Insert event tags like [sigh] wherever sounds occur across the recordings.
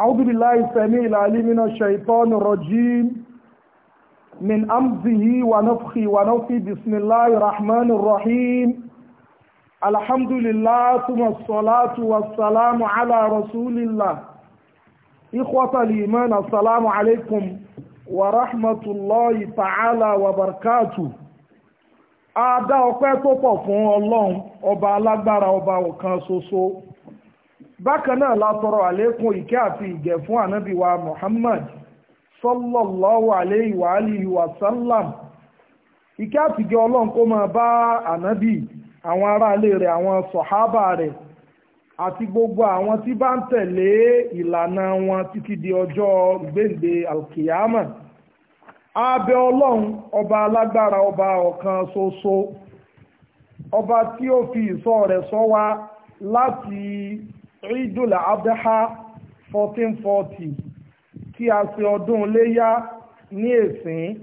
أعوذ بالله السميع العليم من الشيطان الرجيم من أمزه ونفخي ونفخي بسم الله الرحمن الرحيم الحمد لله ثم الصلاة والسلام على رسول الله إخوة الإيمان السلام عليكم ورحمة الله تعالى وبركاته Adá ọpẹ́ tó pọ̀ fún Ọlọ́run ọba alágbára ọba ọ̀kan ṣoṣo. bákan náà la tọrọ àlékún ìkẹ́ àti ìgẹ̀ fún ànábì Muhammad sallallahu alayhi wa alihi wa sallam ìkẹ́ àti ìgẹ̀ ọlọ́run kó máa bá ànábì àwọn aráalé rẹ̀ àwọn sọ̀hábà rẹ̀ àti gbogbo àwọn tí bá ń tẹ̀lé ìlànà wọn títí di ọjọ́ ìgbéǹde alkiyama abẹ ọlọ́run ọba alágbára ọba ọ̀kan ṣoṣo ọba tí ó fi ìṣọ́ rẹ̀ ṣọ́ wa láti Eidul Adha 1440 tí a ṣe ọdún léyá ní èsìn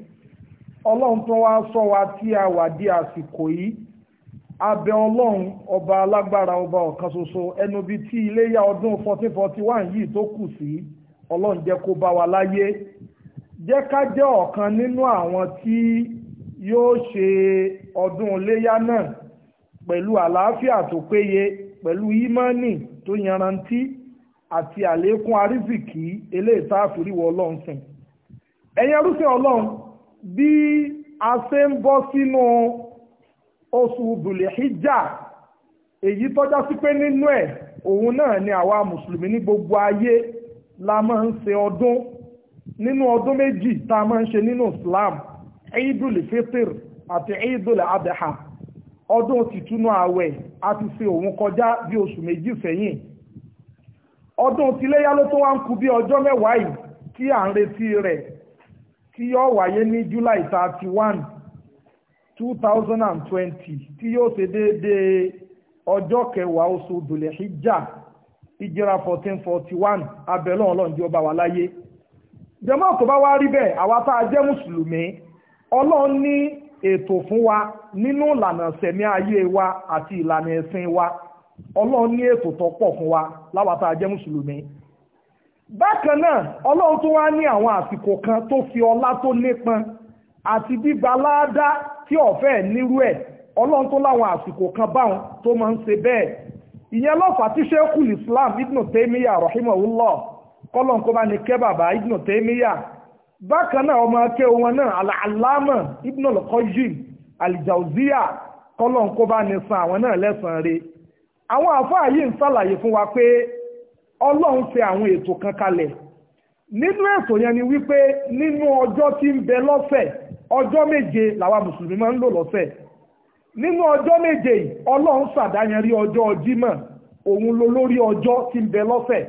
ọlọ́run tó wá sọ wa tí a wà di àsìkò yìí abẹ ọlọ́run ọba alágbára ọba ọ̀kan ṣoṣo ẹnu bíi tí iléyá ọdún 1441 yìí tó kù sí ọlọ́run jẹ́ kó bá wa láyé jẹ́ ká jẹ́ ọ̀kan nínú àwọn tí yóò ṣe ọdún iléyá náà pẹ̀lú àlàáfíà tó péye pẹ̀lú ímánì tó yanrantí àti àlékún arísìkí eléyìí tá a fi ríwọ ọlọ́run sìn ẹ̀yin arúsìn ọlọ́run bí a ṣe ń bọ́ sínú oṣù bùlẹ̀híjà èyí tọ́já sí pé nínú ẹ̀ ni gbogbo ayé la máa ń ṣe ọdún nínú ọdún méjì tá a máa ń ṣe Islam Eidul Fitr àti ọdún tìtúnú ààwẹ̀ a ti fi òun kọjá bí oṣù méjì sẹ́yìn ọdún tiléyá ló tó wá ń kù bí ọjọ́ mẹ́wàá yìí tí à ń retí rẹ̀ tí yóò wáyé ní July thirty one two thousand and twenty tí yóò ṣe déédéé ọjọ́ kẹwàá oṣù dùlẹ̀híjà ìjìra fourteen forty one ọba wa láyé jẹ́mọ́ tó bá rí bẹ́ẹ̀ àwa tá a jẹ́ mùsùlùmí ọlọ́run ní ètò fún wa nínú ìlànà ìsẹ̀mí ayé wa àti ìlànà ẹ̀sìn wa ọlọ́run ní ètò tó pọ̀ fún wa láwa tá mùsùlùmí bákan náà ọlọ́run tó wá ní àwọn àsìkò kan tó fi ọlá tó nípọn àti gbígba láádá tí ọ̀fẹ́ nírú ẹ̀ ọlọ́run tó láwọn àsìkò kan báwọn tó máa ń ṣe bẹ́ẹ̀ ìyẹn lọ́fà tí sheikul islam ibn taymiya rahimahullah kọ́lọ́n kó bá ní kẹ́ bàbá ibn taymiya bákan náà ọmọ akẹ́ wọn náà aláàlámà ibn al-Qayyim al-Jawziyya kọ́lọ̀ ń kó bá ní san àwọn náà lẹ́sàn-án rẹ̀ àwọn àfáà yìí ń sàlàyé fún wa pé ọlọ́run ṣe àwọn ètò kan kalẹ̀ nínú ètò yẹn ni wípé nínú ọjọ́ tí ń bẹ lọ́sẹ̀ ọjọ́ méje làwa mùsùlùmí máa ń lò lọ́sẹ̀ nínú ọjọ́ méje ọlọ́run ṣàdáyanrí ọjọ́ Jímọ̀ òun ló lórí ọjọ́ tí ń bẹ lọ́sẹ̀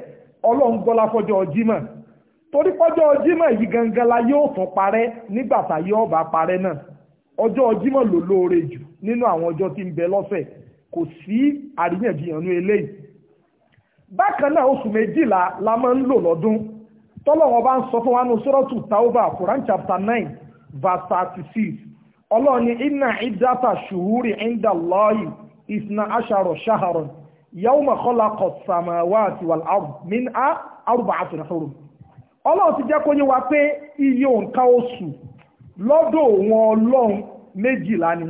ọlọ́run gbọ́lá fọjọ́ Jímọ̀ torí pọ́jọ́ jímọ̀ yìí gangan la yóò fún parẹ́ nígbà tá yóò bá parẹ́ náà ọjọ́ jímọ̀ ló lóore jù nínú àwọn ọjọ́ tí ń bẹ lọ́sẹ̀ kò sí àríyànjiyàn nú eléyìí bákan náà oṣù méjìlá la máa ń lò lọ́dún tọ́lọ́wọ́ bá ń sọ fún wa sọ́rọ́tù tauba Quran chapter nine verse thirty six ọlọ́ọ̀ni inna iddata shuhuri inda ọlọ́run ti jẹ́ kó yé wa pé iye òǹkà oṣù lọ́dọ̀ wọn ọlọ́run méjìlá ni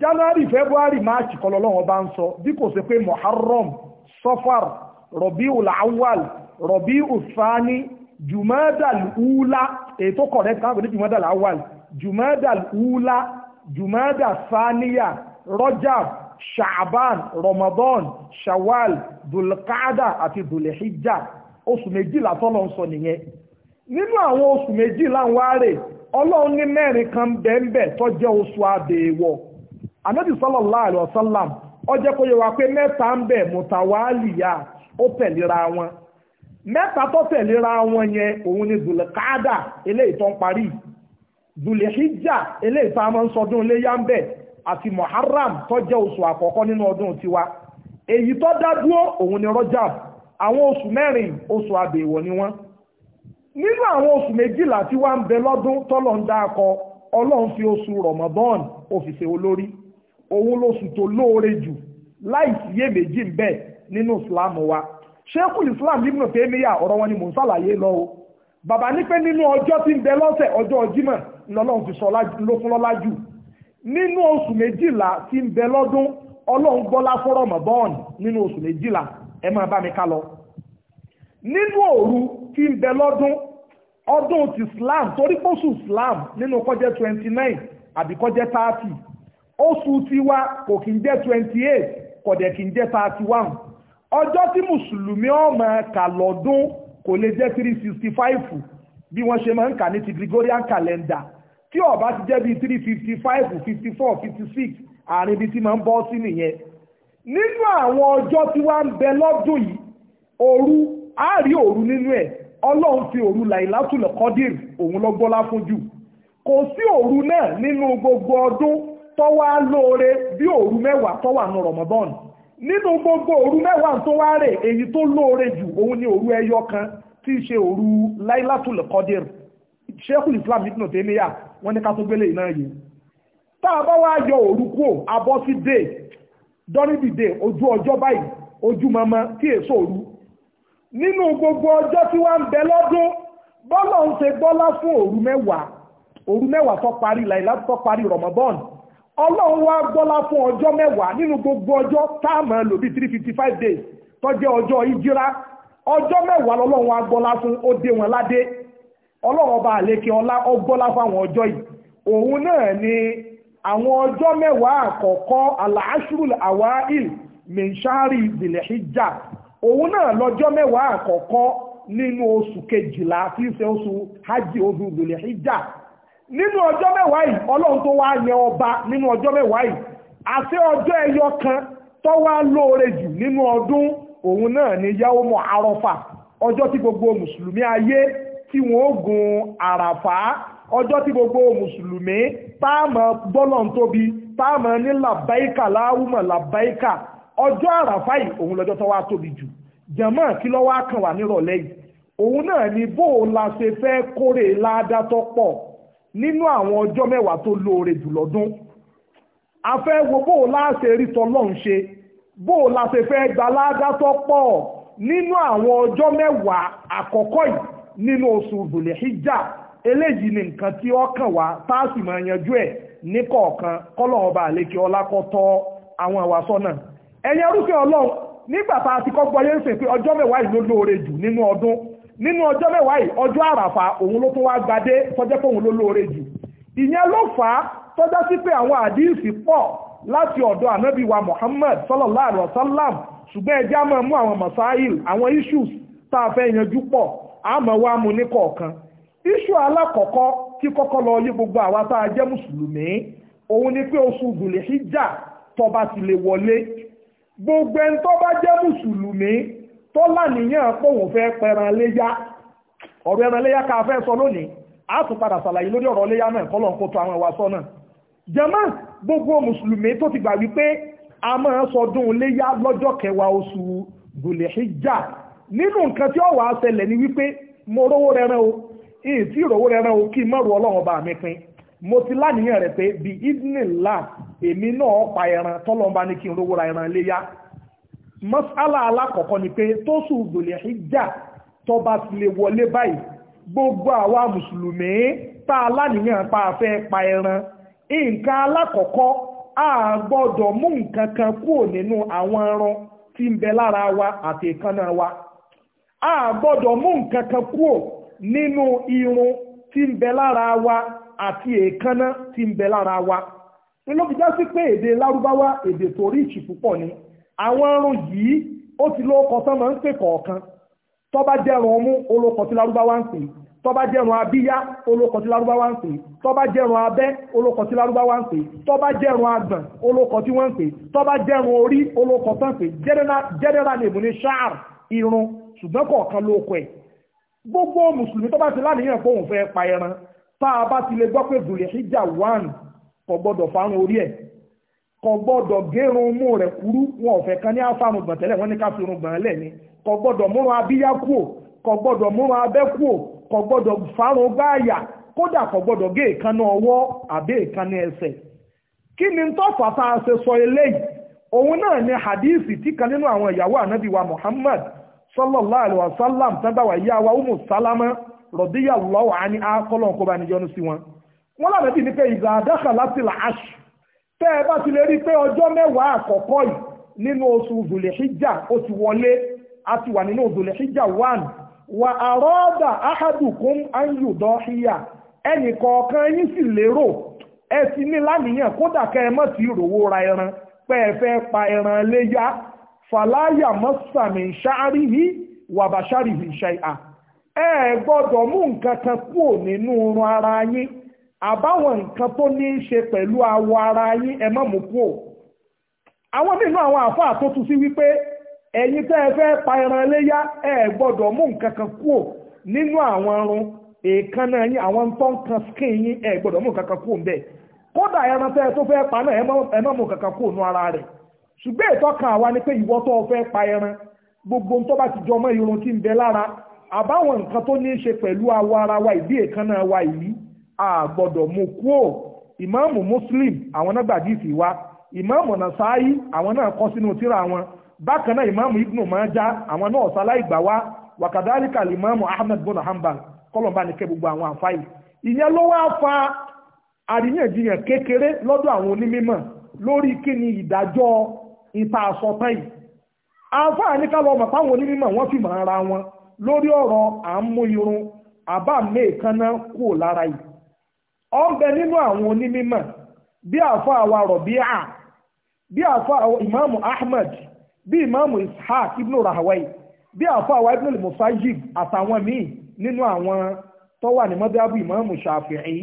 january february march kọlọ́lọ́run bá ń sọ bí kò ṣe pé muharram safar Robi awwal Robi usani, jumadal ula èyí tó correct káwọn ní jumadal awwal jumadal ula jumadal Saniya, rajab Shaaban, ramadan shawal Dulkada àti dulhijja oṣù méjìlá tọ́lọ̀ ń sọ nìyẹn nínú àwọn oṣù méjìlá ń wá ọlọ́run ní mẹ́rin kan bẹ́ẹ̀nbẹ́ tó jẹ́ oṣù àbẹ̀wọ̀ ànábì sallallahu alaihi wasallam ó jẹ́ kó pé mẹ́ta ń bẹ mùtàwálìyà ó tẹ̀léra wọn mẹ́ta tó wọn yẹn òun ni eléyìí tó ń parí eléyìí tó a máa ń àti muharram oṣù nínú ọdún tiwa èyí tó dá dúró òun ni àwọn oṣù mẹ́rin oṣù àbẹ̀wọ̀ ni wọ́n nínú àwọn oṣù méjìlá tí wọ́n ń bẹ lọ́dún tọ́lọ̀ ń dákọ ọlọ́run fi oṣù Ramadan òfìsè olórí òun lóṣù tó lóore jù láì síyè bẹ nínú Islam wa Sheikhul Islam ọ̀rọ̀ wọn ni mò lọ o bàbá ní pé nínú ọjọ́ ti sọ lọ́lá jù nínú oṣù méjìlá tí ń bẹ lọ́dún ọlọ́run gbọ́lá nínú oṣù ẹ máa bá mi ká lọ nínú òru tí ń bẹ lọ́dún ọdún ti Islam torí pọ́sù Islam nínú kọjẹ́ twenty nine àbí kọjẹ́ thirty oṣù tiwa kò kí ń jẹ́ twenty eight kọ̀dẹ̀ kí ń jẹ́ thirty one ọjọ́ tí mùsùlùmí ọmọ kà lọ́dún kò lè jẹ́ three sixty five bí wọ́n ṣe máa ń kà ní ti Gregorian calendar tí ó ti jẹ́ bíi three fifty five fifty four fifty six àárín ibi tí máa ń bọ́ sí nìyẹn nínú àwọn ọjọ́ tí wá ń bẹ lọ́dún yìí òru àárí òru nínú ẹ̀ ọlọ́run fi òru làìlátùlọ̀ kọ́dìrì òun lọ́gbọ́lá fún jù kò sí òru náà nínú gbogbo ọdún tó wá lóore bí òru mẹ́wàá tó wà ní Ramadan nínú gbogbo òru mẹ́wàá tó wá rè èyí tó lóore jù òun ni òru ẹyọ kan tí í ṣe òru làìlátùlọ̀ kọ́dìrì Sheikhul Islam ibn Taymiyyah wọ́n ní ká tó gbélé ìná yìí tá a bá wá yọ òru kúò abọ́ sí dé during the day ojú ọjọ́ báyìí ojú mama tí èso òru nínú gbogbo ọjọ́ tí wọ́n ń bẹ lọ́dún bọ́lá ń ṣe gbọ́lá fún òru mẹ́wàá òru mẹ́wàá tó parí láìlá tó parí rọ̀mọ́bọ́ọ̀nù ọlọ́run wá gbọ́lá fún ọjọ́ mẹ́wàá nínú gbogbo ọjọ́ táàmù lò three fifty five days tó jẹ́ ọjọ́ ìjírá ọjọ́ mẹ́wàá lọ́lọ́run wá gbọ́lá fún ó dé wọn ládé ọlọ́run ọba àlékè ọlá ó gbọ́lá fún àwọn ọjọ́ yìí òun náà ni àwọn ọjọ́ mẹ́wàá àkọ́kọ́ aláṣùrù àwáìl mẹ́ṣáárì ìbìlẹ̀híjà òun náà lọ́jọ́ mẹ́wàá àkọ́kọ́ nínú oṣù kejìlá tí í ṣe oṣù hajj oṣù ìbìlẹ̀híjà nínú ọjọ́ mẹ́wàá yìí ọlọ́run tó wá yan ọba nínú ọjọ́ mẹ́wàá yìí àti ọjọ́ ẹyọ kan tó wá lóore jù nínú ọdún òun náà ni yawmu arọ́fà ọjọ́ tí gbogbo mùsùlùmí ayé tí wọ́n gun àràfà ọjọ́ tí gbogbo mùsùlùmí táàmà bọ́lọ̀n tóbi táàmà ní làbáíkà láwùmọ̀ làbáíkà ọjọ́ àràfà yìí òun lọ́jọ́ tó wá tóbi jù jàmáà kí ló wá kàn wá nírọ̀lẹ́ yìí òun náà ni bó o la ṣe fẹ́ kórè ládá tó pọ̀ nínú àwọn ọjọ́ mẹ́wàá tó lóore jù lọ́dún a wo bó o la ṣe rí tọ́lọ́run ṣe bó o la ṣe fẹ́ gba ládá tó pọ̀ nínú àwọn ọjọ́ mẹ́wàá àkọ́kọ́ yìí nínú oṣù Dhul eléyìí ni nǹkan tí ó kàn wá tá a sì máa yanjú ẹ̀ ní kọ̀ọ̀kan kọ́lọ́run ọba àlekè ọlá kó tọ́ àwọn ìwà sọ́nà ẹ̀yin arúfẹ́ ọlọ́run nígbà tá a ti kọ́ gbọ́yé ń sè pé ọjọ́ mẹ́wàá yìí ló lóore jù nínú ọdún nínú ọjọ́ mẹ́wàá yìí ọjọ́ àràfà òun ló tún wá gbadé tọ́jẹ́ pé òun ló lóore jù ìyẹn ló fà á tọ́já sí pé àwọn àdíìsì pọ̀ láti ọ̀dọ̀ ànábì wa Muhammad sallallahu alaihi wasallam ṣùgbọ́n ẹjẹ́ á máa mú àwọn masail àwọn issues tá a fẹ́ yanjú pọ̀ á máa wá ní kọ̀ọ̀kan iṣu alákọ̀ọ́kọ́ tí kọ́kọ́ lọ yí gbogbo àwa tá a jẹ́ mùsùlùmí òun ni pé oṣù gùnlé hijab tó bá ti lè wọlé gbogbo ẹni tó bá jẹ́ mùsùlùmí tó lánìyàn pòun fẹ́ pẹran léyá ọ̀rọ̀ ẹran léyá ká fẹ́ sọ lónìí a tún padà ṣàlàyé lórí ọ̀rọ̀ léyá náà kọ́ lọ́nkó tó àwọn ìwà sọ́nà jẹ́mọ́ gbogbo mùsùlùmí tó ti gbà wípé a máa sọdún léyá lọ́jọ́ kẹwàá oṣù gùnlé hijab nínú nǹkan tí ó wàá ni wípé mo rówó rẹran o èyí ìrọ̀wọ́ rẹ̀ rán o kí mọ́rù ọlọ́run ọba mi pin mo ti láníyàn rẹ̀ pé bí idinla èmi náà pa ẹran tọ́lọ́ bá ní kí n rówó ra ẹran alakọkọ mọ́sálà alákọ̀ọ́kọ́ ni pé tó sùn gbòlẹ̀ ìjà tọba ti lè wọlé gbogbo àwa mùsùlùmí tá a láníyàn pa afẹ́ pa ẹran a gbọ́dọ̀ mú nǹkan kan kúrò nínú àwọn ẹran wa àti ìkànnà wa a gbọ́dọ̀ mú nǹkan nínú irun tí ń bẹ lára wa àti èékánná tí ń bẹ lára wa nínú fi já sí pé èdè lárúbáwá èdè tó ríìchì púpọ̀ ni àwọn irun yìí ó ti lóko tán máa ń pè kọ̀ọ̀kan tó bá jẹ́rùn ọmú olóko tí lárúbáwá ń pè tó bá jẹ́rùn abíyá olóko tí lárúbáwá ń pè tó bá jẹ́rùn abẹ́ olóko tí lárúbáwá ń pè tó bá jẹ́rùn àgbọ̀n olóko tí wọ́n ń pè tó bá jẹ́rùn orí olóko tán pè general name ni irun ṣùgbọ́n kọ̀ọ̀kan lóko ẹ̀ gbogbo mùsùlùmí tó bá ti láníyàn pé òun fẹ́ pa ẹran tá a bá ti lè gbọ́ pé dùlẹ̀ ìjà one kò gbọ́dọ̀ fárun orí ẹ̀ kò gbọ́dọ̀ gérun mú rẹ̀ kúrú wọn ò fẹ́ kan ní àfárun gbọ̀n tẹ́lẹ̀ wọ́n ní ká fi irun gbọ̀n lẹ̀ ni kò gbọ́dọ̀ múrun abíyá kúò kò gbọ́dọ̀ múrun abẹ́ kúò kò gbọ́dọ̀ fárun gbáàyà kódà kò gbọ́dọ̀ gé ìkànnà ọwọ́ àbẹ́ ìkànnà ẹsẹ̀ kí ni tó fàtà ṣe sọ eléyìí òun náà ni hadisi tí kan wa Muhammad sallallahu alaihi wasallam tábàwà ìyá wa umu sálámà radiyallahu anha kọ́lọ̀ kó bá níjọ́nu sí wọn. wọ́n lànà bí ní pé ìgbà àdáka láti là áṣù tẹ́ ẹ bá ti lè rí pé ọjọ́ mẹ́wàá àkọ́kọ́ yìí nínú oṣù zùlẹ̀ṣíjà ó ti wọlé a ti wà nínú zùlẹ̀ṣíjà one wà àrọ́ọ̀dà áhàdùkún áyùdọ́híyà ẹnì kọ̀ọ̀kan yín sì lérò ẹ ti ní láníyàn kódà fàláyà sha'arihi wa wàbàṣáàríhì ṣáìhà ẹ gbọdọ mú nǹkan kan kúrò ara yín àbáwọn nǹkan tó ní í ṣe awọ ara yín ẹ má mú kúrò àwọn nínú àwọn àfáà tó tún sí wípé pa ẹran eleya ẹ gbọdọ mú nǹkan kan kúrò nínú àwọn èèkánná yín àwọn tó ń ẹ gbọdọ kan kúrò ń kódà ẹran pa náà ẹ má mú kan ṣùgbọ́n kan àwa ni pé ìwọ tó pa ẹran gbogbo tó bá ti jọ irun tí ń bẹ lára àbáwọn nǹkan tó ní í ṣe pẹ̀lú awọ ara wa ìdí èékánná wa yìí a gbọ́dọ̀ mú ìmáàmù muslim àwọn náà gbàdí ìfì wa ìmáàmù nàṣáyí àwọn náà kọ sínú tíra wọn bákan náà ìmáàmù ibnu májá àwọn náà ọ̀sálá ahmed bona hanbal kọlọ̀mbà gbogbo àwọn àǹfààní ìyẹn ló wá fa àríyànjiyàn kékeré lọ́dọ̀ àwọn onímọ̀ lórí ìta àsọtán yìí àǹfààní ká lọ mọ̀ táwọn onímọ̀ wọ́n fi mọ̀ ara wọn lórí ọ̀rọ̀ à ń mú irun àbá mẹ́ẹ̀kánná kúrò lára yìí ọ ń bẹ nínú àwọn onímọ̀ bí àáfàá wa rọ̀bíà bí àáfàá ìmáàmù ahmed bí ìmáàmù ishaq ibn rahawai bí àáfàá wa ibn musajib àtàwọn míì nínú àwọn tó wà ní mọ́bíábù ìmáàmù shafi'i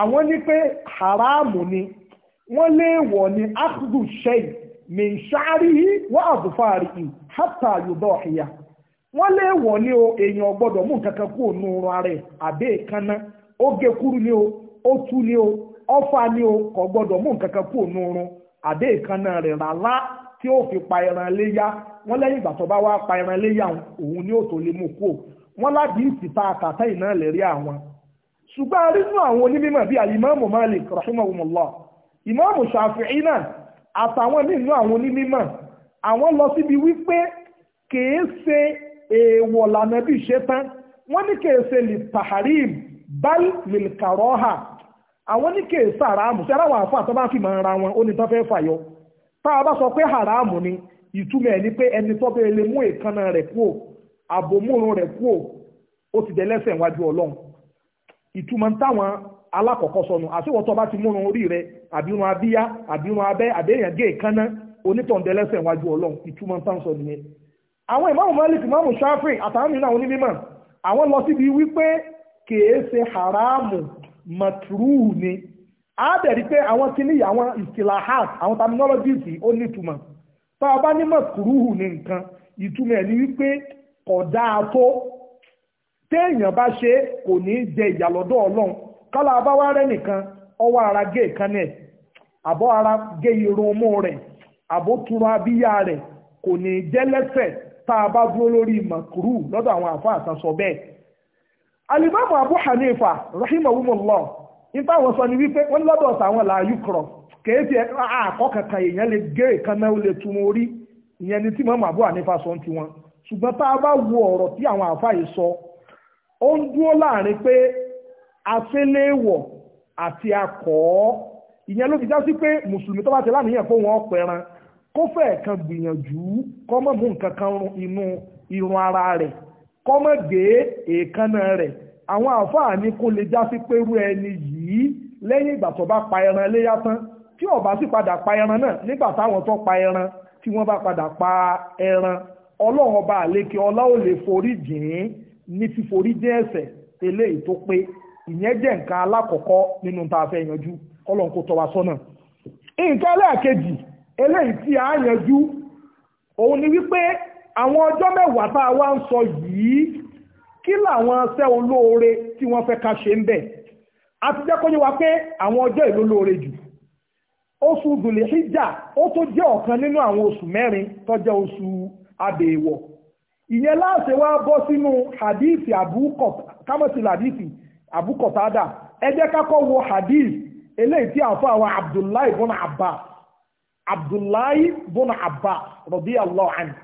àwọn ní pé haramu ni wọ́n léèwọ̀ ní akhdu shay' min ṣáàríhí wọ́n àzùfáàrí ì hátà yóò ọ̀hìyà wọ́n lé wọ̀ ní o èèyàn gbọ́dọ̀ mú nǹkan kan kú òun rún ara ẹ̀ àbẹ́ ìkànnà ó gé kúrú ní o ó tú ní o ọ̀fà ní o gbọ́dọ̀ mú kú òun àbẹ́ ìkànnà rẹ̀ tí ó fi pa ẹran léyà wọ́n lẹ́yìn ìgbà tó bá wá pa ni ó tó lè mú kú wọ́n lábì ta àwọn àtàwọn nínú àwọn onímọ̀ àwọn lọ síbi wípé kèé ṣe èèwọ̀ lànà bí ṣe tán wọ́n ní kèé ṣe lè tàhárìm bal lilkaroha àwọn ní kèé ṣe haramu ṣe aráwọ̀ àfọ àtọ́bá fi máa ra wọn ó ní tán fẹ́ fàyọ tá a bá sọ pé haramu ni ìtumọ̀ ẹ̀ ni pé ẹni tó bẹ́ẹ̀ lè mú èékánná rẹ̀ kúò àbòmúrun rẹ̀ kúò ó ti dẹ́lẹ́ṣẹ̀ wájú ọlọ́run ìtumọ̀ táwọn alákọ̀ọ́kọ́ sọnù àṣewọ̀tọ́ bá ti múrun orí rẹ àbírun abíyá àbírun abẹ́ àbẹ́yàn gé ìkánná onítọ̀ǹdẹ́lẹ́sẹ̀ wájú ọlọ́run ìtumọ̀ tán sọ nìyẹn. àwọn ìmáàmù Malik ìmáàmù Shafi àtàwọn mìíràn àwọn onímọ̀ àwọn lọ síbi wípé kèé ṣe haramu matruu ni a bẹ̀rí pé àwọn kìíní àwọn istilahat àwọn terminologies ó nítumọ̀ tá a bá ní matruu ni nǹkan ìtumọ̀ ẹ̀ ni wípé kò dáa tó téèyàn bá ṣe kò ní jẹ ìyàlọ́dọ̀ ọlọ́run kọ́lá abáwá rẹ̀ nìkan ọwọ́ ara gé ìkànnì abụọ ara gé irun mú rẹ̀ àbó turu abíyá rẹ̀ kò ní jẹ́ lẹ́sẹ̀ tá a bá dúró lórí makuru lọ́dọ̀ àwọn àfa àtàsọ bẹ́ẹ̀. abu hanifa nípa àwọn sọ ni wípé sàwọn làáyú kankan èèyàn lè gé lè orí ìyẹn ni tí sọ ń tiwọn tá a bá wo tí àwọn afẹ́léèwọ̀ àti akọ̀ ọ́ ìyẹn ló fi já sí pé mùsùlùmí tó bá ti láníyàn fún wọn pẹran kó fẹ́ẹ̀ kan gbìyànjú kó má mú nǹkan kan inú irun ara rẹ̀ kó má gé èékánná rẹ̀ àwọn àǹfààní kó lè já sí pé irú ẹni yìí lẹ́yìn ìgbà tó bá pa ẹran léyà tán tí ó bá sì padà pa ẹran náà nígbà táwọn tó pa ẹran tí wọ́n bá padà pa ẹran ọlọ́run ọba àlékè ọlá ò lè forí jìn ní fíforí jẹ́ ẹ̀ṣẹ̀ eléyìí tó pé ìyẹn jẹ́ nǹkan alákọ̀ọ́kọ́ nínú tá fẹ́ yanjú kọ́lọ́n kó tọ́ sọ́nà nǹkan ẹlẹ́ẹ̀kejì eléyìí tí a yanjú òun ni wípé àwọn ọjọ́ mẹ́wàá tá a wá ń sọ yìí kí làwọn ṣẹ́ olóore tí wọ́n fẹ́ ká ṣe ń bẹ̀ a ti jẹ́ kó yé wa pé àwọn ọjọ́ ìlú olóore jù oṣù dùlẹ̀híjà ó tó jẹ́ ọ̀kan nínú àwọn oṣù mẹ́rin tó jẹ́ oṣù abèèwọ̀ ìyẹn láàṣẹ wá bọ́ sínú hadithi àbúkọ̀ kámọ́sílẹ̀ hadithi àbúkọ̀tádà ẹ jẹ́ ká kọ́ wo hadith eléyìí tí àfa àwọn abdullahi bọ́nà abba abdullahi bọ́nà abba radiyallahu anhu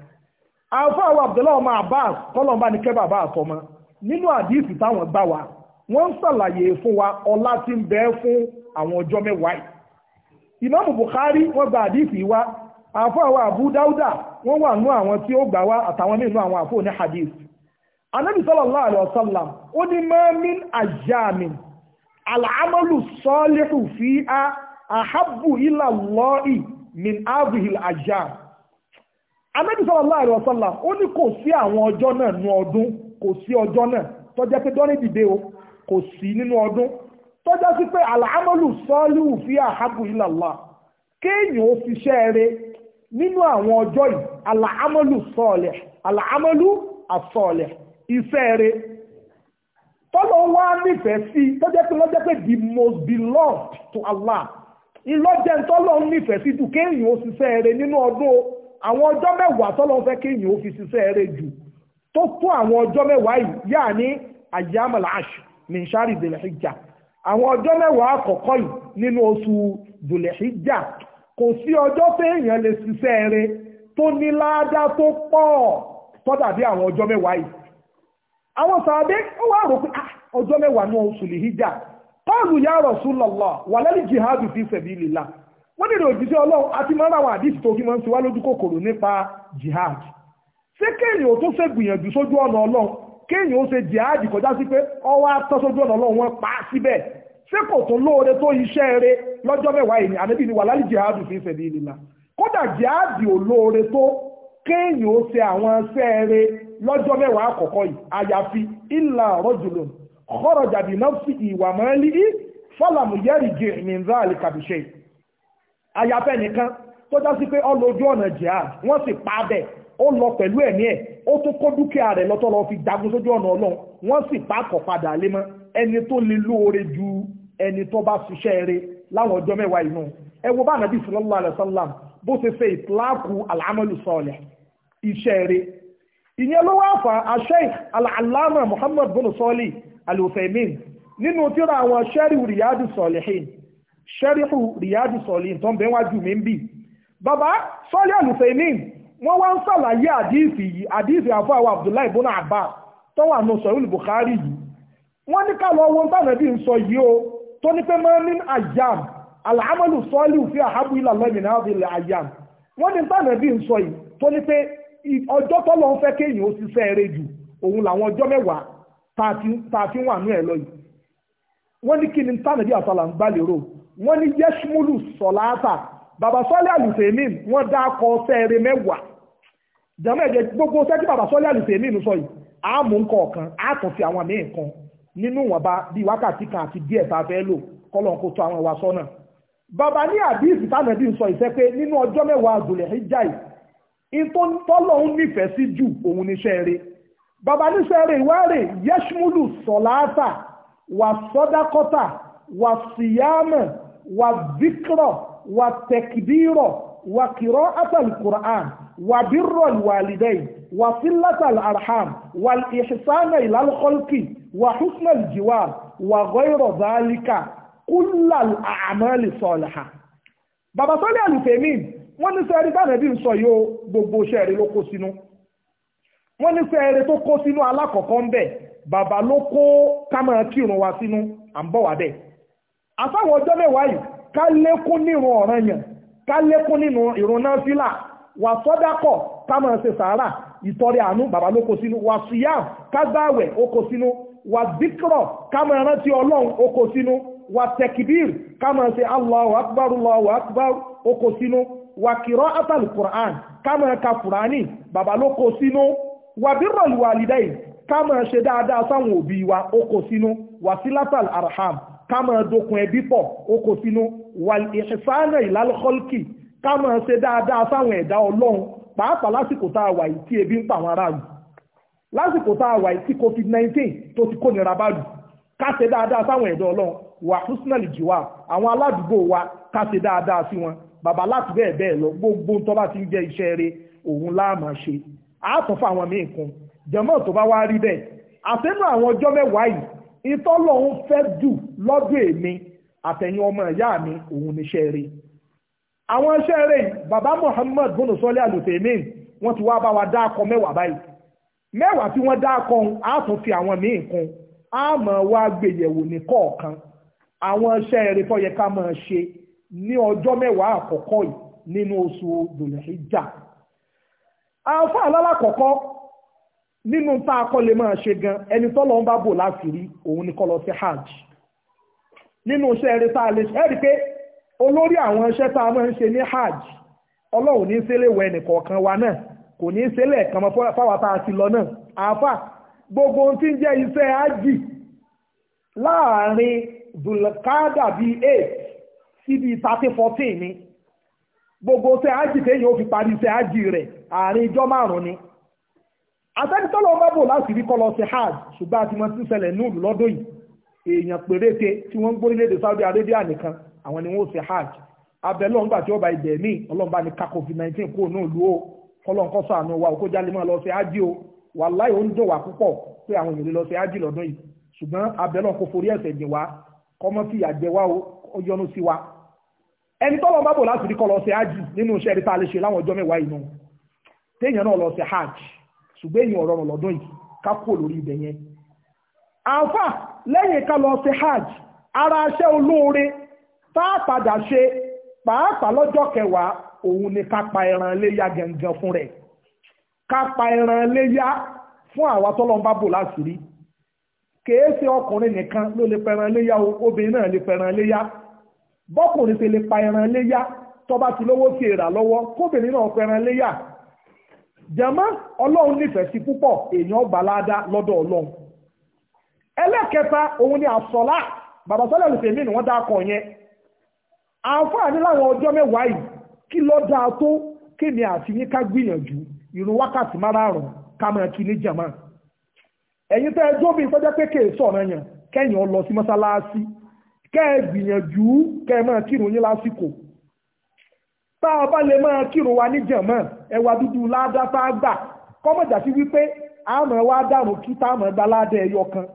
àfa àwọn abdullahi ọmọ abba kọ́lọ̀ bá ní kẹ́ bàbá àtọ́mọ nínú hadith táwọn gbà wá wọ́n ń ṣàlàyé fún wa ọlá tí ń bẹ fún àwọn ọjọ́ mẹ́wàá yìí ìmáàmù bukhari wọ́n gba hadith yìí wá àfa àwọn abu dauda wọ́n wà nú àwọn tí ó gbà wá àtàwọn nínú àwọn àfọ ní hadith anabi sallallahu alayhi wa sallam ó ní ma min ayyamin al'amalu salihu fi a ahabbu ila Allahi min abihil ayyam anabi sallallahu alayhi wa sallam ó ní kò sí àwọn ọjọ́ náà nínú ọdún kò sí ọjọ́ náà tó jẹ́ pé dọ́rin dìde o kò sí nínú ọdún tó jẹ́ sí pé al'amalu salihu fi a ahabbu ila Allah kéèyàn ó fi ṣẹ́ nínú àwọn ọjọ́ yìí al'amalu salih al'amalu as iṣẹ́ rẹ̀ tọ́lọ́ wá nífẹ̀ẹ́ sí tọ́jẹ́ pé lọ́jẹ́ pé the most beloved to Allah ìlọ́jẹ́ tọ́lọ́ nífẹ̀ẹ́ sí jù kéèyàn ó ṣiṣẹ́ rẹ̀ nínú ọdún àwọn ọjọ́ mẹ́wàá tọ́lọ́ fẹ́ kéèyàn ó fi ṣiṣẹ́ rẹ̀ jù tó tó àwọn ọjọ́ mẹ́wàá yìí yáà ní ayyamul ash min shari dhul hijja àwọn ọjọ́ mẹ́wàá àkọ́kọ́ yìí nínú oṣù dhul hijja kò sí ọjọ́ téèyàn lè ṣiṣẹ́ rẹ̀ tó ní ládàá tó pọ̀ tọ́dàbí àwọn ọjọ́ mẹ́wàá yìí àwọn sàbẹ́ ó wà rò pé ah, ọjọ́ mẹ́wàá ní oṣù lè pọ́ọ̀lù ya Rasulullah wà lẹ́lí jihadu fi sabilillah wọ́n nílò òjíṣẹ́ ọlọ́run àti mọ́ra àwọn àdìsí tó fi máa ń ti wá lójú kòkòrò nípa jihad ṣé kéèyàn ó tó ṣe gbìyànjú sójú ọ̀nà ọlọ́run kéèyàn ó ṣe jihad kọjá sí pé ọwọ́ atọ́ sójú ọ̀nà ọlọ́run wọn pa síbẹ̀ ṣé kò tún lóore tó iṣẹ́ rẹ lọ́jọ́ mẹ́wàá lọ́jọ́ mẹ́wàá àkọ́kọ́ yìí àyàfi ìlà rọ́jùlọ ọ̀rọ̀ jàdì náà sí ìwà mọ́lí í fọ́làmù yẹ́rì jẹ ìmìnira àlìkàbíṣẹ́ àyàfẹ́ nìkan tó já sí pé ó lọ ojú ọ̀nà jihad wọ́n sì pa á bẹ̀ ó lọ pẹ̀lú ẹ̀mí ẹ̀ ó tún kó dúkìá rẹ̀ lọ́tọ́ lọ fi jagun sójú ọ̀nà ọlọ́run wọ́n sì pa àkọ́ padà lé mọ́ ẹni tó lè lóore ju ẹni tó bá ṣiṣẹ́ eré láwọn ọjọ́ mẹ́wàá inú ẹ wo bá nàbí sallallahu alaihi wasallam bó ṣe ṣe ìtìláàkù al iṣẹ́ eré ìyẹn ló wá fà àṣẹ alàlámà Muhammad bin sọ́ọ̀lì alùfẹ̀mín nínú tíra àwọn ṣẹ́ríhù riyadu sọ̀lìhìn ṣẹ́ríhù riyadu sọ̀lìhìn tó ń bẹ wájú mi ń bì bàbá sọ́ọ̀lì alùfẹ̀mín wọ́n wá ń sàlàyé àdíìsì yìí àdíìsì àfọwọ́ Abdullahi bin Abbas tó wà nù sọ̀rọ̀ Bukhari yìí wọ́n ní ká lọ wọ́n tàbí ń sọ yìí o tó ní pé máa ní àyàm alàmọ́lù sọ́ọ̀lì fi àhábù ìlàlọ́ ìmìnira àyàm wọ́n ní tàbí ń sọ yìí tó ní pé ọjọ́ tọ́lọ́ ń fẹ́ kéèyàn ó ti fẹ́ rẹ jù òun làwọn ọjọ́ mẹ́wàá tá a fi wà nú ẹ̀ lọ yìí wọ́n ní kí ni tánàbí àtàlà ń gbà lérò wọ́n ní yẹ́ṣmúlù sọ̀láàtà bàbá sọ́lé àlùfèémì wọ́n dá akọ sẹ́ẹ̀rẹ̀ mẹ́wàá jàmọ́ ẹ̀jẹ̀ gbogbo sẹ́kí bàbá sọ́lé àlùfèémì ń sọ yìí àmú ń kọ ọ̀kan àtọ̀ fi àwọn míì kan nínú ìwọ̀nba bíi wákàtí kan àti díẹ̀ tá a fẹ́ lò kọ́lọ̀ kó tó àwọn ìwà sọ́nà bàbá ní àdíìsì tánàbí sọ ìṣẹ́ pé nínú ọjọ́ mẹ́wàá àgùlẹ̀ hijai ìtọ́lọ̀ ń nífẹ̀ẹ́ sí jù òun níṣẹ́ rẹ̀ bàbá níṣẹ́ rẹ̀ ìwá rẹ̀ yẹ́ṣmúlù sọ̀láàtà wà sọ́dákọ́tà wà síyámẹ̀ wà zíkírọ̀ wà tẹ̀kìdírọ̀ wà kìrọ̀ átàlì kùrán wà bírọ̀ ìwàlìdẹ́ wà sílátàlì arham wà ìṣẹ̀sánà ìlàlùkọ́lùkì wà húsnà ìjìwà wà gọ́ìrọ̀ zálíkà kúlà àmàlì sọ̀lá bàbá sọ́lẹ̀ àlùfẹ̀mí wọ́n ní sẹ́ẹ̀rí tánàbí n sọ yóò gbogbo sẹ́ẹ̀rí ló kó sínú wọ́n ní sẹ́ẹ̀rí tó kó sínú alákọ̀ọ́kọ́ ń bẹ̀ bàbá ló kó kámọ́ kírun wa sínú à ń bọ̀ wá bẹ̀. àtàwọn ọjọ́ mẹ́wàá yìí ká lékún nírun ọ̀ràn yàn ká lékún nínú ìrun náà wàkìrọ́ àtàlù quran kama kámọ̀ ẹ̀ka fúrání bàbá ló kó sínú wàbírọ̀lù wàlídẹ́yì kámọ̀ ṣe dáadáa sáwọn òbí wa ó kó sínú wàsílátàl arham kámọ̀ dokun ẹbí pọ̀ ó kó sínú wàlìṣẹ́sánà ìlálọ́kọ́lùkì kámọ̀ ṣe dáadáa sáwọn ẹ̀dá ọlọ́run pàápàá lásìkò tá a wà yìí tí ebi ń pa àwọn aráàlú lásìkò tá a wà yìí tí covid-19 tó ti kó nira bá lù ká ṣe dáadáa sáwọn ẹ̀dá ọlọ́run wà húsínàlì jìwà àwọn aládùúgbò wa ká ṣe dáadáa sí wọn bàbá láti bẹ́ẹ̀ bẹ́ẹ̀ lọ gbogbo tó bá ti ń jẹ́ iṣẹ́ rẹ òun láàmà ṣe àátún fún àwọn míì kan jẹ̀mọ́ tó bá wá rí bẹ́ẹ̀ àtẹnu àwọn ọjọ́ mẹ́wàá yìí ìtọ́lọ́hún fẹ́ dù lọ́dún èmi àtẹ̀yìn ọmọ ìyá mi òun níṣẹ́ rẹ àwọn iṣẹ́ rẹ bàbá Muhammad bùnú sọ́lẹ̀ àlùfẹ́mí wọ́n ti wá bá wa dáàkọ mẹ́wàá báyìí mẹ́wàá tí wọ́n dáàkọ àátún fi àwọn míì kan àmọ́ wá gbèyẹ̀wò ní kọ̀ọ̀kan àwọn iṣẹ́ rẹ tó ká máa ṣe ní ọjọ́ mẹ́wàá àkọ́kọ́ yìí nínú oṣù dòlẹ́hìjà alfa alálàkọ́kọ́ nínú tá a kọ́ lè máa ṣe gan ẹni tọ́lọ́ ń bá bò láṣìírí òun ni kó lọ sí hajj nínú iṣẹ́ eré tá a lè ṣe ẹ́rì pé olórí àwọn iṣẹ́ tá a máa ń ṣe ní hajj ọlọ́run ní sílẹ̀ wẹ nìkọ̀ọ̀kan wa náà kò ní sílẹ̀ kan mọ́ fáwa tá a ti lọ náà àáfà gbogbo ohun tí ń jẹ́ iṣẹ́ hajj láàrin dùlùkádà bíi eight sí bíi thirty fourteen ni gbogbo ṣe ájì téèyàn ó fi parí ṣe ájì rẹ̀ àárín ijọ́ márùn-ún ni àtẹ́nitọ́lọ́ ọba bò láti rí kọlọ sí hajj ṣùgbọ́n àti wọn ti ń ṣẹlẹ̀ núùlù lọ́dún yìí èèyàn péréte tí wọ́n ń gbórílẹ̀-èdè Saudi Arabia nìkan àwọn ni wọ́n ṣe hajj abẹ lọ́ngbà tí ọba ibẹ̀ míì ọlọ́ngbà ní ká covid nineteen kúrò náà lù ó kọlọ́nkọ́ sànù wa òkú jálẹ̀ máa lọ sí hajj o wàláyé ó ń dùn wá púpọ̀ pé àwọn èèyàn lè lọ sí hajj lọ́dún yìí ṣùgbọ́n abẹ lọ́nkọ́ forí ẹ̀ṣẹ̀ jìn ẹni tọ́lọ́ bá bò láti rí kọ́ lọ sí hajj nínú iṣẹ́ rí tá a lè ṣe láwọn ọjọ́ mẹ́wàá inú téèyàn náà lọ sí hajj ṣùgbọ́n èèyàn ọ̀rọ̀ lọ́dún yìí ká kúrò lórí ibẹ̀ yẹn. àǹfà lẹ́yìn ká lọ sí hajj ara iṣẹ́ olóore tá a padà ṣe pàápàá lọ́jọ́ kẹwàá òun ni ká ẹran léyà gangan fún rẹ̀ ká ẹran léyà fún àwa tọ́lọ́ bá bò láti rí kèé ṣe ọkùnrin nìkan ló lè pẹran léyà obìnrin náà lè pẹran léyà bọ́kùnrin ṣe lè pa ẹran léyà tó bá ti lówó sí èrà lọ́wọ́ kóbìnrin náà pẹran léyà jàmá ọlọ́run nífẹ̀ẹ́ sí púpọ̀ èèyàn lọ́dọ̀ ẹlẹ́kẹta òun ni bàbá lè fèmí ni wọ́n yẹn àǹfààní láwọn ọjọ́ mẹ́wàá yìí kí tó àti yín ká gbìyànjú wákàtí márààrún ká máa kí ní jàmá ẹ̀yin tẹ́ ẹjọ́ kẹ́ ẹ gbìyànjú kẹ́ ẹ máa kírun yín lásìkò tá a bá lè máa kírun wa níjànmọ́ ẹwà dúdú ládá tá a gbà kọ́mọ̀jà sí wípé àmọ́ wa dàrú kí táàmù gba ládá ẹyọ kan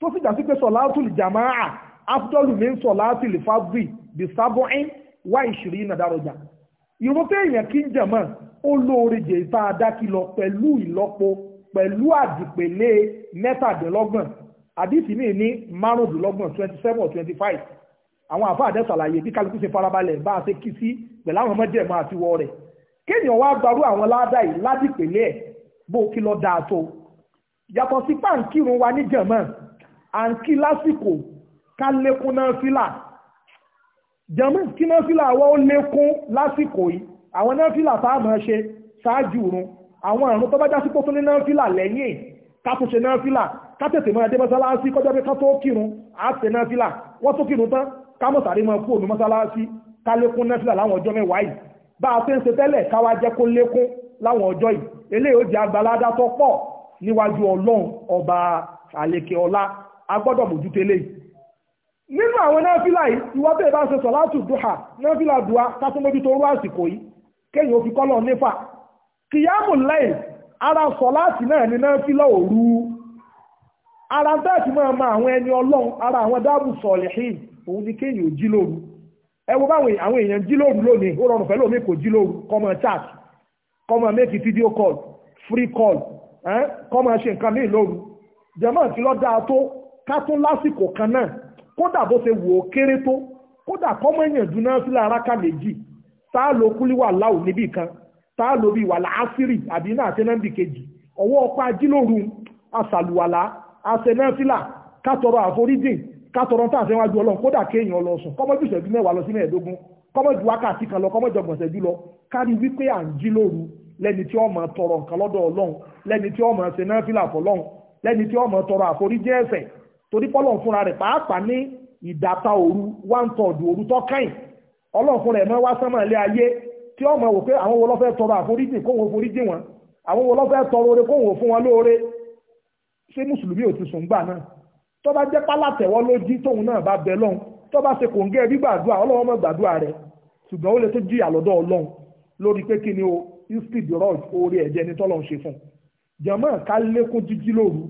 tó sì jásí pé sọ̀láàtùlì jàmáà afdọ́lù mi ń sọ̀láàtùlì fábì bí sábọ́ín wá ìṣìrí nàdàrọ̀jà ìrún tó èèyàn kí ń jànmọ́ ó lóore jẹ́ ìta adákìlọ pẹ̀lú ìlọ́po pẹ̀lú àdìpẹ̀lẹ́ mẹ́tàdínlọ́gbọ̀n àdìsí mi ní márùndínlọ́gbọ̀n twenty seven or twenty five àwọn àfa àdẹ́sàlàyé bí kálukú ṣe farabalẹ̀ bá a ṣe kí sí pẹ̀lú àwọn ọmọdéẹ̀mọ àti wọ rẹ̀ kéèyàn wá gbarú àwọn ládà yìí ládìpẹ̀lẹ́ ẹ̀ bó kí lọ dáa tó yàtọ̀ sí pàǹkìrún wa ní jẹ̀mọ́ à ń kí lásìkò ká lékún náà fílà jẹ̀mọ́ kí náà fílà wa ó lékún lásìkò yìí àwọn náà fílà tá a máa ṣe ṣáájú run àwọn àrùn tó bá já sí pótó ní náà fílà lẹ́yìn ká tún ṣe náà fílà kátẹ̀tẹ̀ máa dé mọ́sálásí kọjá pé ká tó kírun àtẹ̀ náà fílà wọ́n tó kírun tán kámọ̀ sáré máa kúrò ní mọ́sálásí ká lékún náà fílà láwọn ọjọ́ mẹ́wàá yìí bá a fẹ́ ń ṣe tẹ́lẹ̀ káwá jẹ́ kó lékún láwọn ọjọ́ yìí eléyìí ó jẹ́ agbálada tó pọ̀ níwájú ọlọ́run ọba àlekè ọlá agbọ́dọ̀ mójútó eléyìí nínú àwọn náfìlà yìí ìwọ bẹ́ẹ̀ bá ń ṣe náà ní náfìlà òru ara bẹ́ẹ̀ tí máa ma àwọn ẹni ọlọ́run ara àwọn dáàbù sọ̀lẹ̀hìn òun ni kéèyàn jí lóru ẹ báwọn àwọn èèyàn jí lóru lónìí ó rọrùn fẹ́lẹ́ omi kò jí lóru chat make video call free call kọ́mọ ṣe nǹkan míì lóru jẹ́mọ̀ tí lọ́ dáa tó kan náà kódà bó ṣe ó kéré tó kódà èèyàn méjì tá a lo níbì kan tá a kejì àṣẹnáfílà kátọrọ àforíjìn kátọrọ tá àṣẹ wájú ọlọ́run kódà kéèyàn lọ sùn kọ́mọ́jú ìṣẹ́jú mẹ́wàá lọ sí mẹ́ẹ̀ẹ́dógún kọ́mọ́jú wákàtí kan lọ kọ́mọ́jú ọgbọ̀n ìṣẹ́jú lọ kárí wípé à ń jí lóru lẹ́ni tí ó máa tọrọ nǹkan lọ́dọ̀ ọlọ́run lẹ́ni tí ó máa ṣe náfílà fọlọ́run lẹ́ni tí ó máa tọrọ àforíjìn ẹ̀ṣẹ̀ torí pọ́lọ́run fúnra rẹ̀ pàápàá ní ìdàta òru one third òru tó kàn ọlọ́run fúnra ẹ̀ máa wá sánmà ilé ayé tí ó máa wò pé àwọn wo ló fẹ́ tọrọ àforíjìn kóhun foríjìn wọn àwọn wo ló fẹ́ tọrọ oore kóhun fún wọn lóore ṣé mùsùlùmí ò ti sùn gbà náà tó bá jẹ́ pálátẹ̀wọ́ ló jí tóun náà bá bẹ lọ́hùn tó bá ṣe kò ń gẹ́ gbígbàdúrà ọlọ́wọ́ mọ̀ gbàdúrà rẹ̀ ṣùgbọ́n ó lè tó jìyà lọ́dọ̀ ọlọ́run lórí pé kí ni o instead rod orí ẹ̀jẹ̀ ni tọ́lọ́run ṣe fún un jẹ̀mọ́ ká lékún jíjí lóru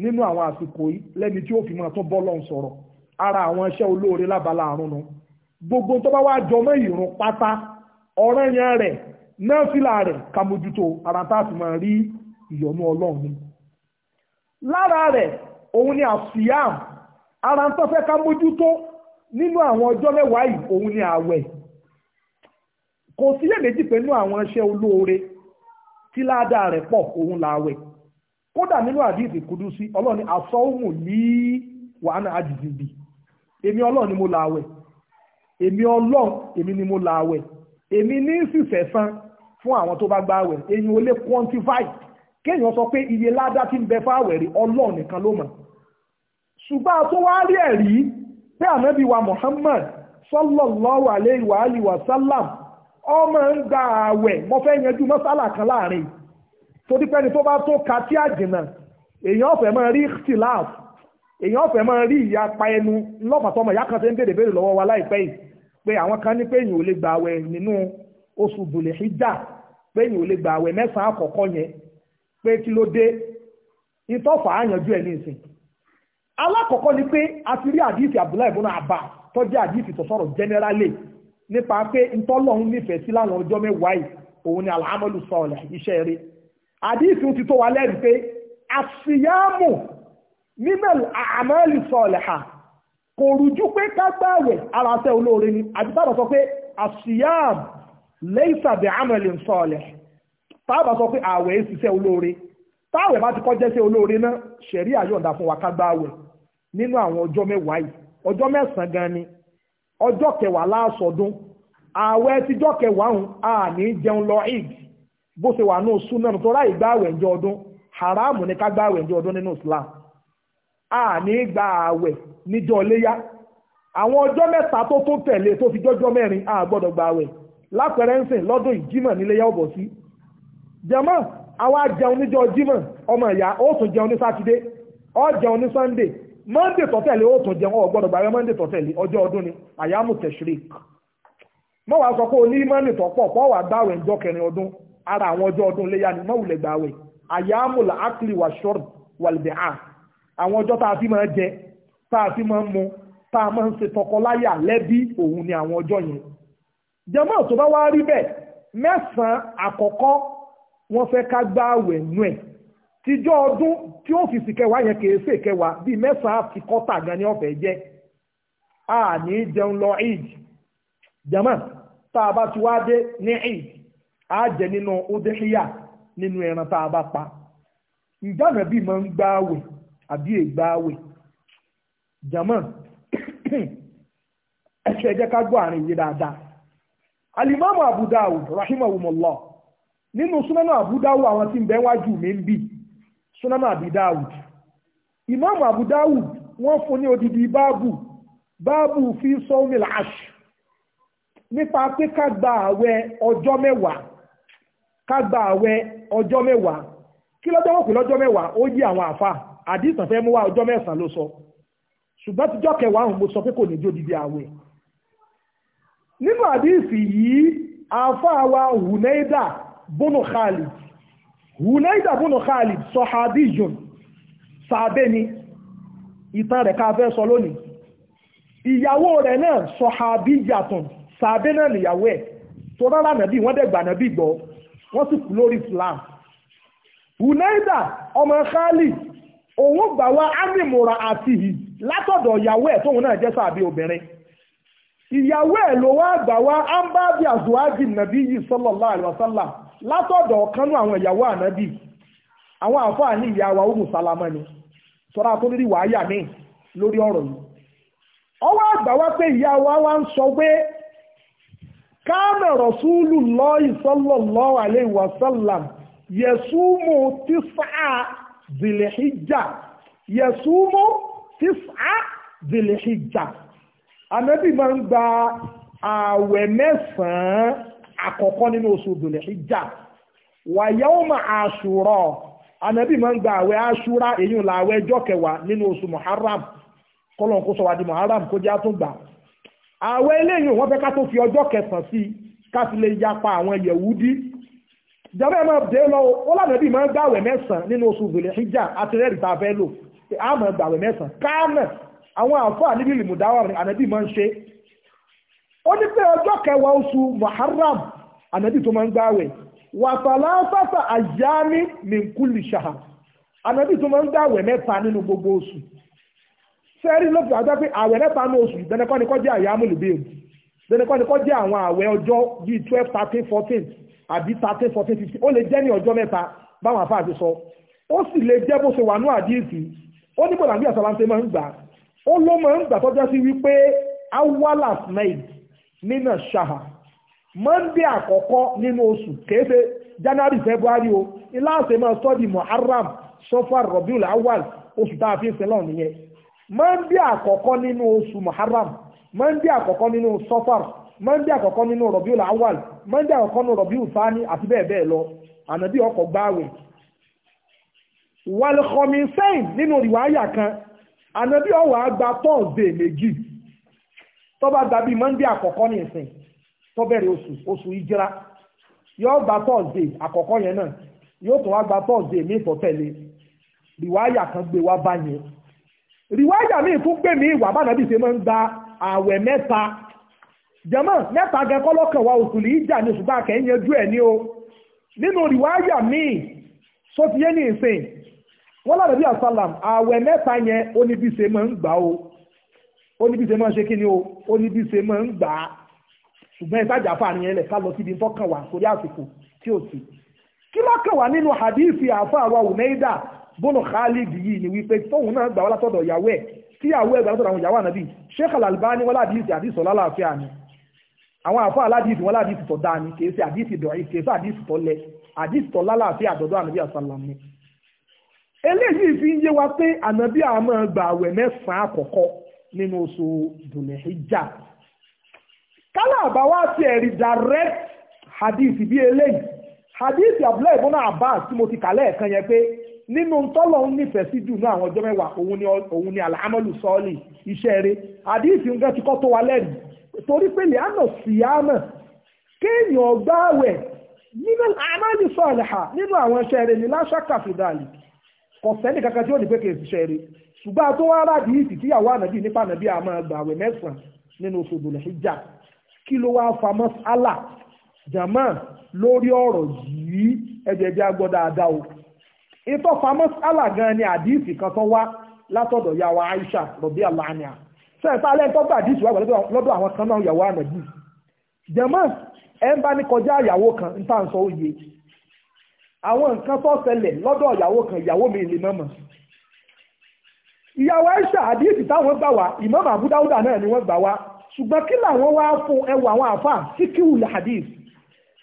nínú àwọn àsìkò yìí lẹ́ni tí ó fi máa tún bọ́ lọ́hùn sọ̀rọ̀ ara àwọn iṣẹ́ olóore lábala àrùn nu gbogbo tó bá wá jọmọ́ ìrun pátá ọ̀ranyàn rẹ̀ náà fìlà rẹ̀ ká mójútó ara tá a fi máa rí ìyọ́nú ọlọ́run ni lára rẹ̀ òun ni àṣìyàm ara ń tọ́fẹ́ ká mójútó nínú àwọn ọjọ́ mẹ́wàá yìí òun ni àwẹ̀ kò síyèméjì pé nínú àwọn iṣẹ́ olóore tí ládàá rẹ̀ pọ̀ òun làwẹ̀ kódà nínú àdìsí kúdùsí ọlọ́run ni àsọ́hùnmù ní wàhánà àjìjì bì èmi ọlọ́run ni mo làwẹ̀ èmi ọlọ́run èmi ni mo làwẹ̀ èmi ní sísẹ̀ san fún àwọn tó bá gbàwẹ̀ èyí ò lè quantify kéèyàn sọ pé iye ládá tí ń bẹ fáwẹ̀ rí ọlọ́run nìkan ló mọ̀ ṣùgbọ́n a tó wá rí ẹ̀rí pé ànábì wa Muhammad sallallahu alayhi wa alihi wa sallam ọmọ ń gba ààwẹ̀ mo fẹ́ yanjú mọ́sálà kan láàrin torí pé ẹni tó bá tó ka tí àjìnà èèyàn ọ̀fẹ́ máa rí ikhtilaf èèyàn ọ̀fẹ́ máa rí ìyapa ẹnu lọ́pàá tọmọ ìyá kan ṣe ń bèrè bèrè lọ́wọ́ wa láìpẹ́ yìí pé àwọn kan ní pé èèyàn ò lè gba ààwẹ̀ nínú oṣù Dhul Hijjah pé èèyàn ò lè gba ààwẹ̀ mẹ́sàn-án àkọ́kọ́ yẹn pé kí ló dé ìtọ́fà àyànjú ẹ̀ ní ìsìn alákọ̀ọ́kọ́ ni pé a ti rí àdìsí Abdullahi ibn àbá tó jẹ́ àdìsí tó sọ̀rọ̀ generally nípa pé ntọ́lọ́hún nífẹ̀ẹ́ sí láwọn ọjọ́ mẹ́wàá yìí òun ni alhamdu sọ̀rọ̀ iṣẹ́ ti wa lẹ́rìí pé mímẹ́lù sọ̀rọ̀ ha kò rújú pé kágbáwẹ̀ olóore ni táàbà sọ pé ààwẹ̀ ń ṣiṣẹ́ olóore táàwẹ̀ bá ti kọjẹ́ sí olóore náà ṣẹ̀rí àyọ̀ǹda fún wa ká gba àwẹ̀ nínú àwọn ọjọ́ mẹ́wàá yìí ọjọ́ mẹ́sàn-án gan ni ọjọ́ kẹwàá láàsọdún ààwẹ̀ tíjọ́ kẹwàá ń a ní jẹun lọ id bó ṣe wà ní oṣù náà tó ráì gba àwẹ̀ ǹjọ́ ọdún haramu ni ká gba àwẹ̀ ǹjọ́ ọdún nínú Islam a ní gba àwẹ̀ níjọ́ léyá àwọn ọjọ́ mẹ́ta tó tó tẹ̀lé tó fi jọ́jọ́ mẹ́rin a gbọ́dọ̀ gba àwẹ̀ lápẹrẹ ń sìn lọ́dún ìjímọ̀ níléyá ọ̀bọ̀ sí jẹmọ́ àwa jẹun níjọ́ jimọ ọmọ ìyá ó tún jẹun ní sátidé ọ jẹun ní sànńdé mọ́ndé tọ́tẹ̀lé ó tún jẹun mọ́ndé tọ́tẹ̀lé ọjọ́ ọdún ni àyàmù tẹ̀sírìk mọ́ wàá sọ pé ní mọ́ndé tọ́pọ̀ ara àwọn ọjọ́ ọdún léyà ni gbàwẹ̀ àyàmù làákìlì wà ṣọ́ọ̀d wọ́n fẹ́ ká gba àwẹ̀ nú ẹ̀ tíjọ́ ọdún tí ó fìsì kẹwàá yẹn kèé sè kẹwàá bíi mẹ́sàn-án àti kọ́tà gan ni ọ̀fẹ́ jẹ́ a ní jẹun lọ eid jama tá a bá ti wá dé ní eid a jẹ nínú udhiya nínú ẹran tá a bá pa ìjànà bíi máa ń gba àwẹ̀ àbí ègbà àwẹ̀ jama [coughs] ẹ̀ṣẹ̀ jẹ́ ká gbọ́ àárín yìí dáadáa alimami Abu Dawud rahimahumullah nínú súnánà àbúdáwù àwọn tí ń bẹ wájú mi ń bì súnánà àbúdáwù ìmáàmù àbúdáwù wọ́n fún ní odidi báàbù báàbù fi sọ́ọ́mìlà àṣù nípa pé ká gba àwẹ̀ ọjọ́ mẹ́wàá ká gba àwẹ̀ ọjọ́ mẹ́wàá kí lọ́jọ́ wọ́pẹ́ lọ́jọ́ mẹ́wàá ó yí àwọn àfa àdìsàn fẹ́ mú wá ọjọ́ mẹ́sàn-án ló sọ ṣùgbọ́n tíjọ́ kẹwàá òun mo sọ pé kò ní jó didi àwẹ̀ nínú àdìsì yìí àfa wa hùnẹ́dà bónú Khalid Hunaida bónú Khalid sọ̀hábíyùn sàbẹ́ ni ìtàn rẹ̀ ká fẹ́ sọ lónìí ìyàwó rẹ̀ náà sọ̀hábíyàtùn sàbẹ́ náà nìyàwó ẹ̀ tó rárá nàbí wọ́n dẹ̀ gbà nàbí gbọ́ wọ́n sì kú lórí Islam Hunaida ọmọ Khalid òun gbà wá ámìmùra àti hì látọ̀dọ̀ ìyàwó ẹ̀ tóun náà jẹ́ sàbẹ́ obìnrin ìyàwó ẹ̀ ló wá gbà wá ámbábí àzùwájì nàbí yìí sallallahu alaihi látọ̀dọ̀ ọ̀kanú àwọn ìyàwó ànábì àwọn àfáà ní ìyá wa umu salama ni sọ́ra tó wàáyà míì lórí ọ̀rọ̀ yìí ọwọ́ àgbà wá pé wa wá ń sọ pé kánà s'úlù lọ sallallahu alayhi yẹ̀súmù zìlẹ̀híjà yẹ̀súmù zìlẹ̀híjà ànábì máa àkọ́kọ́ nínú oṣù dòlẹ̀ ìjà wàyẹ́wòmà àṣùrọ̀ ànábì máa ń gba àwẹ̀ àṣúra èyí ńlá àwẹ̀ ẹjọ́ kẹwàá nínú oṣù muharram kọ́lọ̀n kó sọ wá di muharram kó jẹ́ àtúngbà àwẹ̀ eléyìí wọ́n fẹ́ ká tó fi ọjọ́ kẹsàn-án sí ká sì lè yapa àwọn yẹ̀wúdí jàmbá ẹ̀ máa dé lọ ó lànàbì máa ń gba àwẹ̀ mẹ́sàn-án nínú oṣù dòlẹ̀ ìjà àtẹrẹ́rì ó ní pé ọjọ́ kẹwàá oṣù muharram ànábì tó máa ń gbààwẹ̀ wàtàlá fàtà àyámi mìkúlì ṣàhà ànábì tó máa ń gbààwẹ̀ mẹ́ta nínú gbogbo oṣù sẹ́rí ló àjọ pé àwẹ̀ mẹ́ta nínú oṣù dẹnẹkọ́ ni kọ́ jẹ́ àyámi lùbẹ́ẹ̀mù dẹnẹkọ́ ni kọ́ jẹ́ àwọn àwẹ̀ ọjọ́ bíi twelve thirteen fourteen àbí thirteen fourteen fifteen ó lè jẹ́ ní ọjọ́ mẹ́ta báwọn sọ ó sì lè jẹ́ bó ṣe wà ní àdíyèsí ó ní night nínà ṣáà monday àkọ́kọ́ nínú oṣù kéde january february o ilá àṣẹ máa sọ́ọ̀dì muharram sọ́fàr rọ̀bíùlà awal oṣù tá a fi ń sẹ́lọ̀ nìyẹn monday àkọ́kọ́ nínú oṣù muharram monday àkọ́kọ́ nínú sọ́fàr monday àkọ́kọ́ nínú rọ̀bíùlà awal monday àkọ́kọ́ nínú rọ̀bíù fani àti bẹ́ẹ̀ bẹ́ẹ̀ lọ ànàbí ọkọ̀ gbáwẹ̀ wàlùkọ́mí sẹ́yìn nínú rìwáyà kan ànàbí ọwọ́ àgbà thursday méjì tó bá gba bíi monday àkọ́kọ́ ní ìsìn tó bẹ̀rẹ̀ oṣù oṣù ìjìra yóò gba thursday àkọ́kọ́ yẹn náà yóò tún wá gba thursday ní ìtọ́tẹ̀lé rìwáyà kan gbé wá báyẹn rìwáyà míì tún gbé mi ìwà bá nàbí ṣe máa ń gba ààwẹ̀ mẹ́ta jẹ́mọ́ mẹ́ta gẹ́kọ́ lọ́kàn wa oṣù lè jà ní oṣù bá kẹ́ yanjú ẹ̀ ní o nínú rìwáyà míì sọ ti yé ní ìsìn wọ́n lànà bí àsálàm ààwẹ̀ mẹ́ta yẹn ó ní bí ṣe máa ṣe kí ni o ó ní bí ṣe máa ń gbà á ṣùgbọ́n ìtajà fàárín ẹlẹ̀ ká lọ síbi tọ́kàn wá torí àsìkò tí ò sí. kí ló kàn wá nínú hadithi àáfàá wa umeida bọ́nà khalid yìí ni wípé tóun náà gbà wá látọ̀dọ̀ ìyàwó ẹ̀ tí ìyàwó ẹ̀ gbà látọ̀dọ̀ àwọn ìyàwó ànábì sheikh al-albani wọ́n ládìsí àdìsọ̀ lálàáfíà ni àwọn àfáà aládìsí wọn ládìsí tọ́ dáa ni kèése àdìsí dọ̀rí kèése àdìsí tọ́ lẹ àdìsí tọ́ lálàáfíà àdọ̀dọ̀ ànàbí àsàlám ni. eléyìí fi ń yé wa pé ànàbí àmọ́ gbà àwẹ̀ mẹ́sàn-án àkọ́kọ́ nínú oṣù dùnìhíjà kálá àbáwá ti ẹ̀rí direct hadith bí eléyìí hadith abdullahi ibn abbas tí mo ti kà lẹ́ẹ̀kan yẹn pé nínú tọ́lọ̀ ń nífẹ̀ẹ́ sí jù náà àwọn ọjọ́ mẹ́wàá òun ni alhamdu sọ́ọ̀lì iṣẹ́ rẹ̀ hadith ń gẹ́ ti kọ́ tó wa lẹ́nu torí pé lẹ́ànà síyámà kéèyàn gbáwẹ̀ nínú àmàlì sọ́ọ̀lì ha nínú àwọn iṣẹ́ rẹ̀ ní láṣà kàfidàlì kọ̀sẹ́nì kankan tí ó ní pé kèé ṣiṣẹ́ rẹ̀ ṣùgbọ́n a wá rádi yìí tí yàwó ànàbí nípa ànàbí àmọ́ gbàwẹ̀ mẹ́sàn-án nínú oṣù dòlẹ́hìjà kí ló wá fa mas'ala jàmọ́ lórí ọ̀rọ̀ yìí ẹ̀jẹ̀ bí o ìtọ́ gan ni àdìsí kan tó wá látọ̀dọ̀ yàwó Aisha rọ̀bí àlàáníà sẹ́yìn tá a àdìsí wá lọ́dọ̀ àwọn kan náà yàwó ànàbí jàmọ́ ìyàwó Aisha àdíyèsí táwọn gbà wá Imam Abu Dawud náà ni wọ́n gbà wá ṣùgbọ́n kí làwọn wá fún ẹwà àwọn àfà síkìwù hadith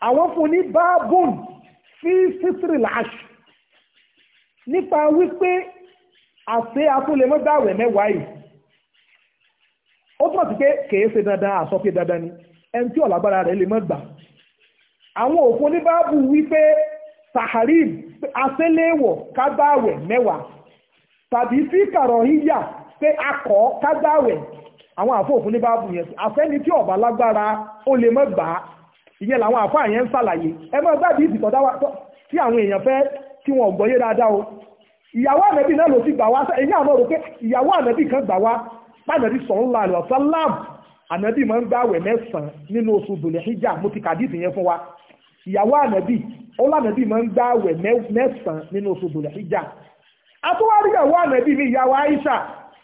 àwọn fún ní báàbùn fi sítírì làásù nípa wípé àṣẹ atúlẹ̀mọ́gbàwẹ̀ mẹ́wàá yìí ó túmọ̀ sí pé kèé ṣe dandan àsọpé dandan ni ẹni tí ọ̀làgbára rẹ̀ lè mọ́ gbà àwọn òfin ní báàbù wípé saharib àṣẹléèwọ̀ kábàwẹ̀ mẹ́wàá tàbí fi kàrọ̀ híyà pé akọ̀ kágbáwẹ̀ àwọn àfòfin ní báàbù yẹn àfẹ́ni tí ọ̀bà lágbára ó lè mọ́ gbà á ìyẹn làwọn àfọ àyẹn ń ṣàlàyé ẹ mọ́ gbàdí ìsìtọ́ tí àwọn èèyàn fẹ́ tí wọ́n gbọ́yé dáadáa o ìyàwó ànẹ́bí náà ló ti gbà wá èyí àwọn rò pé ìyàwó ànẹ́bí kan gbà wá pàdánù sọ̀rọ̀lá àlọ́sálàm ànẹ́bí máa ń gbàwẹ̀ mẹ́sàn-án nínú oṣù dòlẹ̀ hijab mo ti kàdíìsì yẹn fún wa ìyàwó ànẹ́bí ó lànẹ́bí máa ń gbàwẹ̀ mẹ́sàn-án nínú oṣù dòlẹ̀ hijab atúwárígà wà nàbí mi ìyàwó Aisha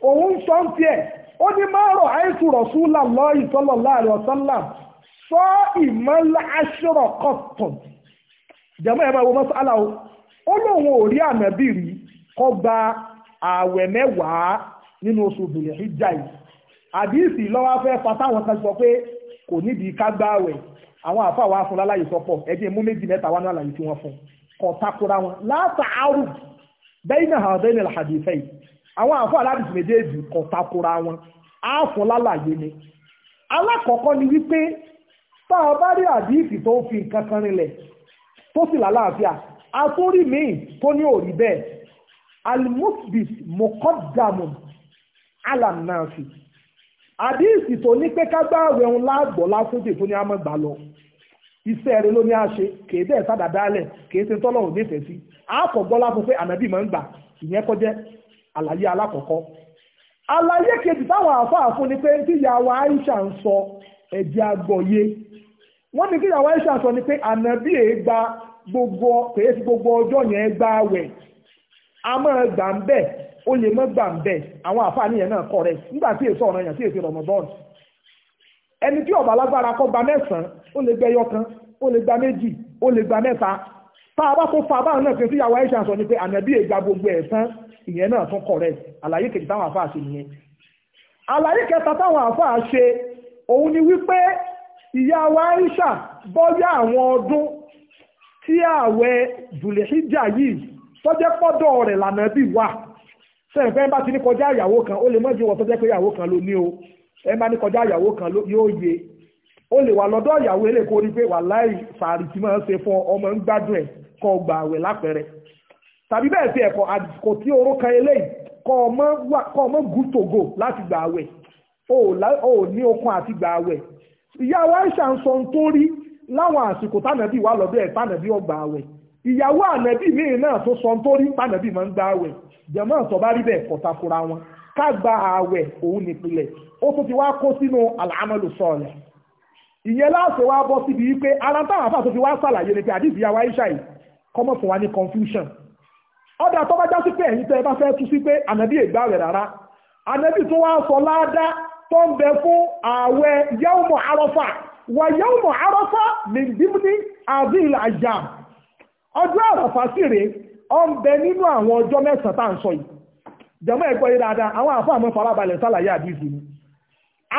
òun sọ ń tiẹ̀ ó ní márùn àìsù rọ̀súlà láàrin ọ̀sánlá sọ ìmọ̀lá aṣọ́rọ̀ kọ̀tọ̀n jẹ́mọ́ ẹ̀mọ́ o ó lóun ò rí ànàbí rí kọ́ gba ààwẹ̀ mẹ́wàá nínú oṣù bìlẹ̀ ìjà yìí àdìsí lọ́wọ́ fẹ́ fatáwọn kan sọ pé kò ká gbá ààwẹ̀ àwọn bẹ́ẹ̀nà àbẹ́ni àhàdìfẹ́ yìí àwọn àfọ aládìsí méjèèjì kò takora wọn àáfún lálàyé ni alákọ̀ọ́kọ́ ni wípé tá a bá rí àdìsí tó fi nǹkan kan rinlẹ̀ tó sì lálàáfíà àtórí míì tó ní òrí bẹ́ẹ̀ almusbis mokọ́dàmù alànàfi àdìsí tó ní pé kágbáwẹ̀ ńlá gbọ́lá fún tètò ní amọ̀gbà lọ iṣẹ́ rẹ ló ní àṣe kèé kèé ṣe tọ́lọ́run nífẹ̀ẹ́ sí àkọ́gbọ́lá fún pé ànábì máa ń gbà ìyẹn kọjẹ́ àlàyé alákọ̀ọ́kọ́ àlàyé kejì táwọn àáfàá fún ni pé Aisha ń sọ ẹ̀jẹ̀ àgbọ̀yé wọ́n ní Aisha sọ ni pé ànábì gba gbogbo kèé gbogbo ọjọ́ yẹn wẹ̀ a máa gbà ń bẹ̀ ó lè mọ́ gbà ń bẹ̀ àwọn ẹni tí ọba lágbára kó gba mẹ́sàn-án ó lè gbẹ yọkan ó lè gba méjì ó lè gba mẹ́ta tá a bá tó fa báwọn náà pé tí yàwó aisha sọ ni pé ànàbí ègbà gbogbo ẹ̀sán ìyẹn náà tún correct àlàyé kejì táwọn àfáà ṣe nìyẹn àlàyé kẹta táwọn àfáà ṣe òun ni wípé ìyàwó aisha bọ́yá àwọn ọdún tí ààwẹ̀ jùlẹ̀híjà yìí tọ́jẹ́ pọ́dọ̀ rẹ̀ lànà bí wà sẹ́yìn fẹ́ bá ti ní kọjá ìyàwó kan ó lè mọ́jú wọ́n tọ́jẹ́ pé ìyàwó kan ló ní o ẹ bá ní kọjá ìyàwó kan yóò yé ó lè wà lọ́dọ̀ ìyàwó eré kó rí pé wà láì sàárì tí máa ń ṣe fún ọmọ ń gbádùn ẹ̀ kọ́ gbà àwẹ̀ lápẹ̀rẹ̀ tàbí bẹ́ẹ̀ sí ẹ̀kọ́ àdìsíkò tí oró eléyìí kọ́ ọmọ good to go láti gbà àwẹ̀ ó ní okun àti gbà àwẹ̀ ìyá wa ń ṣàǹsọ tó rí láwọn àsìkò tánàbí wà lọ́dọ̀ ẹ̀ tánàbí ọgbà àwẹ̀ ìyàwó ànàbí míì náà tó sọ tó rí tánàbí máa ń gbà àwẹ̀ jẹ̀mọ́ àtọ́ bẹ́ẹ̀ kọ́ta fúnra wọn ká gba àwẹ̀ òun nípìnlẹ̀ ó tún ti wá kó sínú àlàámọ́lù sọ̀ọ̀lẹ̀ ìyẹn láàṣẹ wá bọ́ síbi wípé ara táwọn àfáà tó fi wá sàlàyé ni pé àdìsí yàwá iṣà yìí kọ́mọ̀ fún wa ní confusion ọ̀dà tó bá já sí pé ẹ̀yin tẹ́ ẹ bá fẹ́ tú sí pé ànábì ègbà rẹ̀ rárá ànábì tó wá sọ láàdá tó ń bẹ fún ààwẹ̀ yẹ́wùmọ̀ arọ́fà wà yẹ́wùmọ̀ arọ́fà mìndínní àdìl àjà ọjọ́ àràfà sì rèé ọ ń bẹ nínú àwọn ọjọ́ mẹ́sàn-án tá à ń sọ yìí jẹ̀mọ́ ẹ̀gbọ́n yìí dáadáa àwọn àfáà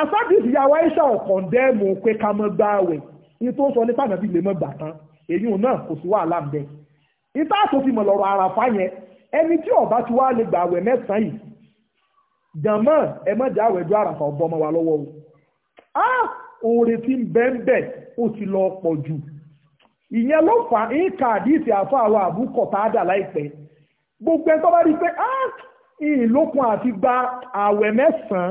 asọ́dìsì yàwá iṣẹ́ ọ̀kan dẹ́ẹ̀mù pé ká mọ́ gbá àwẹ̀ ní tó ń sọ nípa àgbàbí lè mọ́ gbà tán èyí ò náà kò sí wàhálà ń bẹ. ìta àtòfimọ̀ lọ́rọ̀ àràfá yẹn ẹni tí ọba ti wá lè gbà àwẹ̀ mẹ́sàn-án yìí jàmọ́ ẹ mọ́ jẹ́ àwẹ̀ ju àràfá ọ̀bọ ọmọ wa lọ́wọ́ o. a oore ti ń bẹ́ ń bẹ̀ ó ti lọ pọ̀ jù. ìyẹn ló fà á ń ìlókun àti gba àwẹ̀ mẹ́sàn-án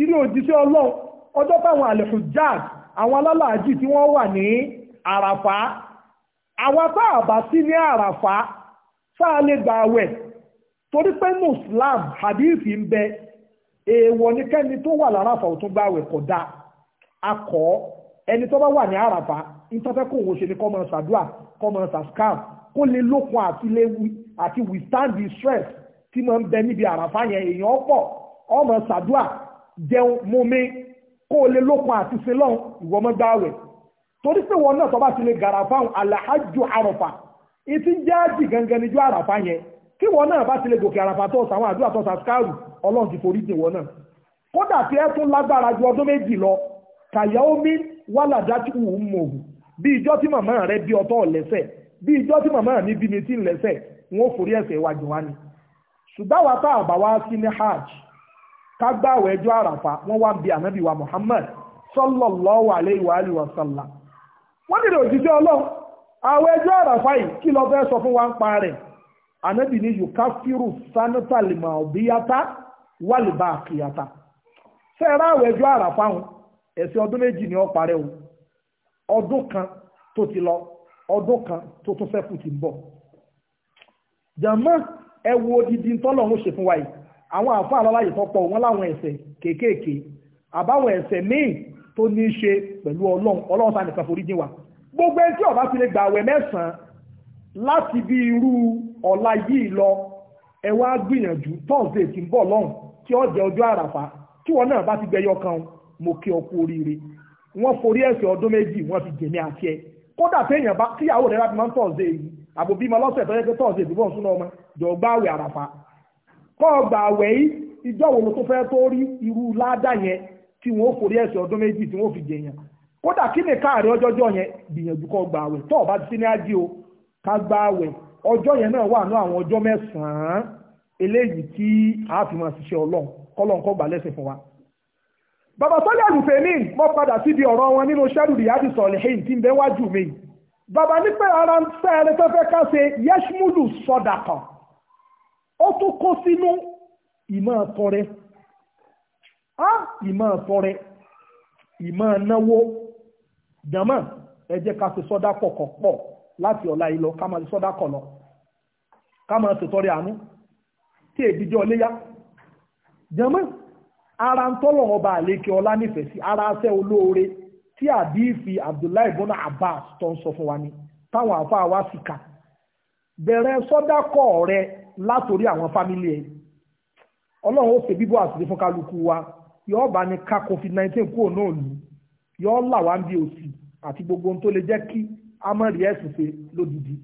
irú òjíṣẹ́ ọlọ́run ọjọ́ táwọn alẹ́fùjáàd àwọn alálàájì tí wọ́n wà ní àràfá àwọn tá a bá sí ní àràfá sáà lè gba àwẹ̀ torí pé muslim hadithi ń bẹ èèwọ̀ ní kẹ́ni tó wà láràfà ò tún gba akọ ẹni tó bá wà ní àràfà ìtọ́fẹ́ kò wọ́n ṣe ní kọ́mọ ṣàdúà kọ́mọ ṣàṣkàm kó lè lókun àti withstand the stress tí mo ń bẹ níbi àràfà yẹn èèyàn pọ̀ ọmọ ṣàdúà jẹun mumi kó o lè lókun àti sílọ́n ìwọ mọ́ gbáwẹ̀ torí pé wọn náà tọ́ bá ti lè gàrà fáwọn alahajju àràfà ìtí jẹ́ àjì gangan níjú àràfà yẹn kí wọn náà bá ti lè gòkè àràfà tó sàwọn àdúrà tó sàskárù ọlọ́run ti forí dè wọn náà kódà tí ẹ tún lágbára ju ọdún méjì lọ kàyáómi wàlàdájú mòhù bí ìjọ tí màmá rẹ bí ọtọ́ lẹ́sẹ̀ bí ìjọ tí màmá mi bí mi ti lẹ́sẹ̀ wọn ò forí ẹ̀ṣẹ̀ wájú wa ni ṣùgbọ́n wa tá àbá wa sí ní hajj kágbàwẹ̀ ẹjọ́ àràfà wọ́n wá bí ànábì Muhammad sallallahu alayhi wa alihi wa sallam wọ́n nílò òjíṣẹ́ ọlọ́run àwẹ̀ ẹjọ́ àràfà yìí kí ló fẹ́ sọ fún pa rẹ̀ ànábì ní yukafiru sanatalima obiyata waliba akiyata fẹ́ẹ̀rẹ́ àwẹ̀ ẹjọ́ àràfà wọn ẹ̀sìn ọdún méjì ni ó parẹ́ o ọdún kan tó ti lọ ọdún kan odidi ṣe fún wa yìí àwọn àfọ àlọ́láyè tọ́pọ̀ wọn láwọn ẹ̀ṣẹ̀ kéékèèké àbáwọn ẹ̀ṣẹ̀ míì tó ní í ṣe pẹ̀lú ọlọ́run ọlọ́run sáà nìkan forí jìn wá gbogbo ẹni tí ó bá ti lè gbà àwẹ̀ mẹ́sàn-án láti bí irú ọ̀la yìí lọ ẹ wá gbìyànjú tọ́sídẹ̀ẹ́ tí ń bọ̀ lọ́hùn tí ó jẹ́ ọjọ́ àràfà tí wọn náà bá ti gbẹyọ kan mo kí ọkú oríire wọ́n forí ẹ̀ṣẹ̀ ọdún méjì wọ́n fi jèmi àti ti máa ń tọ̀ọ̀sẹ̀ kọ́ ọgbà àwẹ̀ yìí ìjọ wo ló tó fẹ́ tó rí irú ládà yẹn tí wọ́n forí ẹ̀sẹ̀ ọdún méjì tí wọ́n fi jẹyàn kódà kí ni ọjọ́jọ́ yẹn gbìyànjú kọ́ ọgbà àwẹ̀ ọba ní ájí o ká gba àwẹ̀ ọjọ́ yẹn náà wà ní àwọn ọjọ́ mẹ́sàn eléyìí tí a fi máa ṣiṣẹ́ ọlọ́run kọ́lọ́n kọ́ lẹ́sẹ̀ fún wa. bàbá àlùfẹ́mí padà síbi ọ̀rọ̀ nínú tí ń ó tún kó sínú ìmọ̀ tọrẹ á ìmọ̀ tọrẹ ìmọ̀ náwó jàmọ́ ẹ jẹ́ ká ṣe sọ́dá pọ̀ kọ̀ pọ̀ láti ọ̀la ìlọ ká máa ṣe sọ́dá kọ̀ lọ ká máa ṣe tọrẹ àánú tí èdè jẹ́ ọléyá jàmọ́ ara ń tọ́lọ̀ ọba àlékè ọlá nífẹ̀ẹ́ sí ara ṣẹ́ olóore tí àdífi Abdullahi bona Abbas tó ń sọ fún wa ni táwọn àfáà wá sí ká bẹ̀rẹ̀ sọ́dá kọ̀ rẹ̀ látòrí àwọn fámílì ẹ̀ ọlọ́run ó ṣe bíbọ́ àṣírí fún kálukú wa yóò bá ní ká covid nineteen kúrò náà lù yóò là wá ń bí òsì àti gbogbo ohun tó lè jẹ́ kí amọ̀rí ẹ̀sìn ṣe lódìdí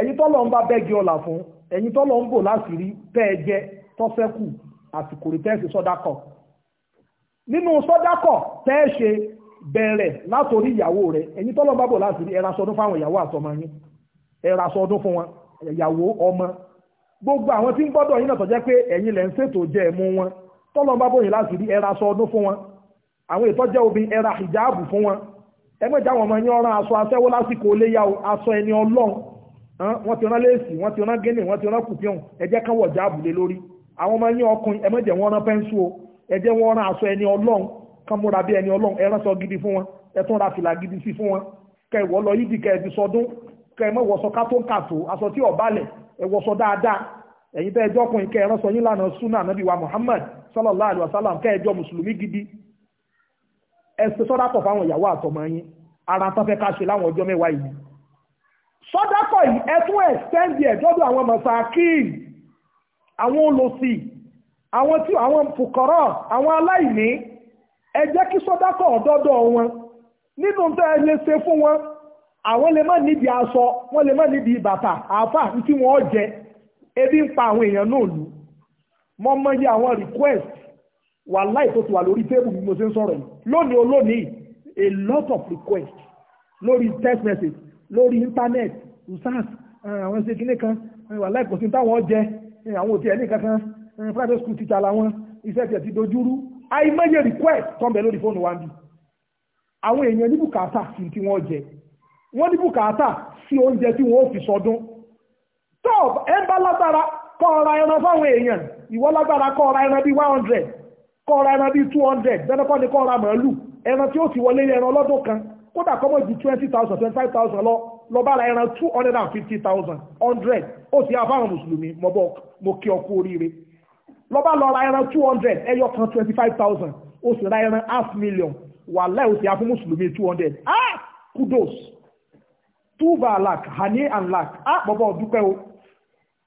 ẹ̀yin tọ́lọ̀ ń bá bẹ́ẹ̀gì ọ̀là fún ẹ̀yin tọ́lọ̀ ń bò láṣìírí tẹ́ ẹ jẹ́ tọ́sẹ́kù àsìkò rí tẹ́ẹ̀sì sọ́dákọ̀ nínú sọ́dákọ̀ tẹ́ẹ̀ ṣe bẹ̀rẹ̀ látòrí ìyàwó rẹ̀ ẹ̀yin tọ́lọ̀ ń bá bò láṣìírí ẹ gbogbo àwọn tí ń gbọ́dọ̀ yín náà tọ́jẹ́ pé ẹ̀yin lẹ́ ń ṣètò jẹ ẹ̀mú wọn tọ́lọ́mbà bóyin láti rí ẹra aṣọ ọdún fún wọn àwọn ìtọ́jẹ́ obìnrin ẹra hijabu fún wọn ẹgbẹ́jà wọn ọmọ yín ọ̀ràn aṣọ aṣẹ́wó lásìkò iléyà aṣọ ẹni ọlọ́run wọ́n ti rán léèsì wọ́n ti rán gíní wọ́n ti rán kùpíọ̀n ẹjẹ́ kan wọ̀ jáàbù lé lórí àwọn ọmọ yín ọkùnrin ẹmẹ́jẹ̀ wọn rán pẹ́ńsù o ẹjẹ́ wọn rán aṣọ ẹni ọlọ́run kan múra bí ẹni ọlọ́run ẹran sọ gidi fún wọn ẹtún ra fìlà gidi sí fún wọn kẹ ìwọ lọ yídì kẹ ẹbí sọdún kẹ ẹ mọ̀wọ́ sọ kátó ń kàtó aṣọ tí ọ̀bálẹ̀ ẹ̀wọ̀sọ dáadáa ẹ̀yin tẹ́ ẹjọ́ ọkùnrin kẹ́ ẹ̀rọ́sọ yín lánàá súnà nàbí wa Muhammad sallallahu alayhi wa sallam kẹ́ ẹjọ́ mùsùlùmí gidi ẹ̀sìn sọ́dákọ̀ fáwọn ìyàwó àtọmọ yín ara tán fẹ́ ká ṣe láwọn ọjọ́ mẹ́wàá yìí sọ́dákọ̀ yìí ẹ tún ẹ̀jọ́dọ̀ àwọn mọ̀sákìn àwọn olòṣì àwọn tí àwọn fùkọ́rọ̀ àwọn aláìní ẹ kí sọ́dákọ̀ ọ̀dọ́dọ̀ wọn nínú tẹ́ ẹ fún àwọn lè má níbi aṣọ wọ́n lè má níbi bàtà àáfà tí wọ́n jẹ ebi ń pa àwọn èèyàn náà lù mọ́ mọ́ yí àwọn request wà láì tó ti wà lórí tébù bí mo ṣe ń sọ̀rọ̀ yìí lónìí olónìí a lot of request lórí text message lórí internet usas eh, àwọn ṣe kíní kan eh, wà láì kò sí táwọn jẹ eh, àwọn òtí ẹni kankan private school teacher làwọn iṣẹ́ tiẹ̀ ti dojúrú àìmọye request tó ń bẹ lórí fóònù wa ń bì àwọn èèyàn ní sí tí wọ́n jẹ wọ́n ní bùkátà sí oúnjẹ tí wọ́n fi sọdún tó ẹ bá lágbára kọ́ ọ̀ra ẹran fáwọn èèyàn ìwọ lágbára kọ́ ọ̀ra ẹran bíi one hundred kọ́ ọ̀ra ẹran bíi two hundred bẹ́ẹ̀kọ́ ni kọ́ ọ̀ra màálù ẹran tí ó ti wọlé ẹran lọ́dún kan kódà kọ́mọ̀ ju twenty thousand twenty five thousand lọ lọ́bára ẹran two hundred and fifty thousand hundred ó sì yá fáwọn mùsùlùmí mọ́bọ́ mo kí ọ kú oríire lọ́ba lọ ra ẹran two hundred ẹyọ kan twenty five thousand ó sì ra ẹran half million wàhálà ó sì yá fún mùsùlùmí two hundred ah kudos túbà alak hani alak àpọ̀bọ̀ dúpẹ́ o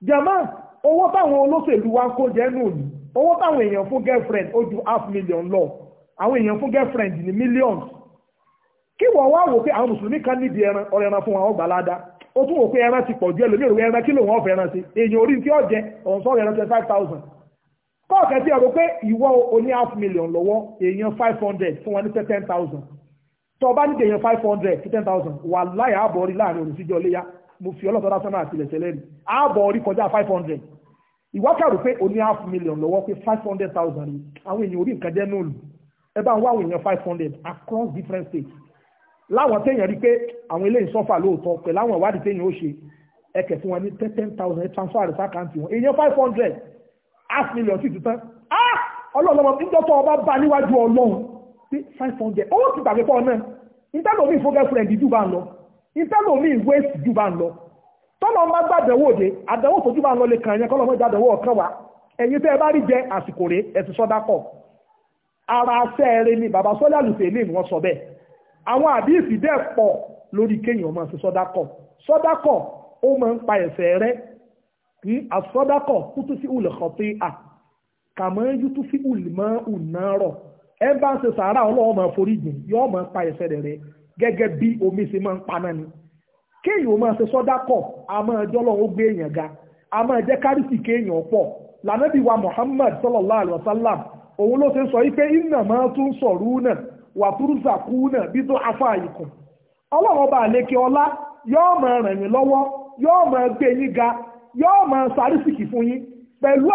jama owó táwọn olóṣèlú wa ń kó jẹ́ nù ní owó táwọn èèyàn fún girlfriend ó ju half million lọ àwọn èèyàn fún girlfriend ní millions kí wọ́n wá wò pé àwọn mùsùlùmí kan nídìí ẹran ọ̀rọ̀ ẹran fún àwọn gbàládá ó tún wò pé ẹran ti pọ̀ jù ẹlòmíì òwe ẹran kí sí èèyàn orí ẹran five thousand tó bá ní tèèyàn five hundred to ten thousand wà láyà àbọ̀ orí láàrin olùsíjọ́ léyà mo fi ọlọ́tọ́ lásán náà tilẹ̀ tẹ́lẹ̀ orí kọjá five hundred ìwákàrò pé o ní half million lọ́wọ́ pé five hundred thousand ni àwọn èèyàn orí nǹkan jẹ́ nóòlù ẹ bá ń wá àwọn èèyàn five hundred across different states láwọn téèyàn rí pé àwọn eléyìí sọ́fà lóòótọ́ pẹ̀lú àwọn ìwádìí téèyàn ó ṣe ẹkẹ̀ fún wọn ní ten thousand transfer rẹ̀ sákàǹtì wọn èèyàn five hundred half million sì ti tán ah! ọlọ́ọ̀lọ́mọ nígbà tó ọba bá níwájú ọlọ́run pé five hundred owó ti gbàgbé pọ̀ náà ìtẹ́lò mi fún girlfriend jù bá ń lọ ìtẹ́lò mi waste jù bá ń lọ tọ́lọ́ máa gbàdẹ̀wò òde àdẹ̀wò tó jù bá ń lọ lè kàn yẹn kọ́lọ́ mọ́jà àdẹ̀wò ọ̀kan wa ẹ̀yin tẹ́ ẹ bá rí jẹ àsìkò rẹ̀ ẹ̀sìn sọ́dá pọ̀ ara sẹ́ẹ̀rẹ́ ni bàbá sọ́lá lùfẹ́ lè wọ́n sọ bẹ́ẹ̀ àwọn àdíìsì dẹ́ pọ̀ lórí kéèyàn máa ṣe sọ́dákọ̀ sọ́dákọ̀ ó máa ń pa ẹ̀ṣẹ̀ rẹ̀ ní àsọ́dákọ̀ kútú sí ulẹ̀ kọ̀tí à kàmọ́ yútú sí ulẹ̀ mọ́ ùnárọ̀ ẹ bá ń ṣe sàárà ọlọ́wọ́ máa forí jìn yóò máa pa rẹ̀ gẹ́gẹ́ bí omi ṣe máa ń paná ni kéèyàn máa ṣe sọ́dá kọ̀ a máa jẹ́ ọlọ́run ó gbé èèyàn ga a máa kárìsì kéèyàn pọ̀ lànàbí wa Muhammad sallallahu alayhi wa sallam òun ló ṣe sọ wípé iná máa tún sọ̀rú náà wà túrúsà kú náà bí tó afọ àyíkùn ọlá máa ràn yín lọ́wọ́ máa gbé yín ga máa sàrísìkì fún yín pẹ̀lú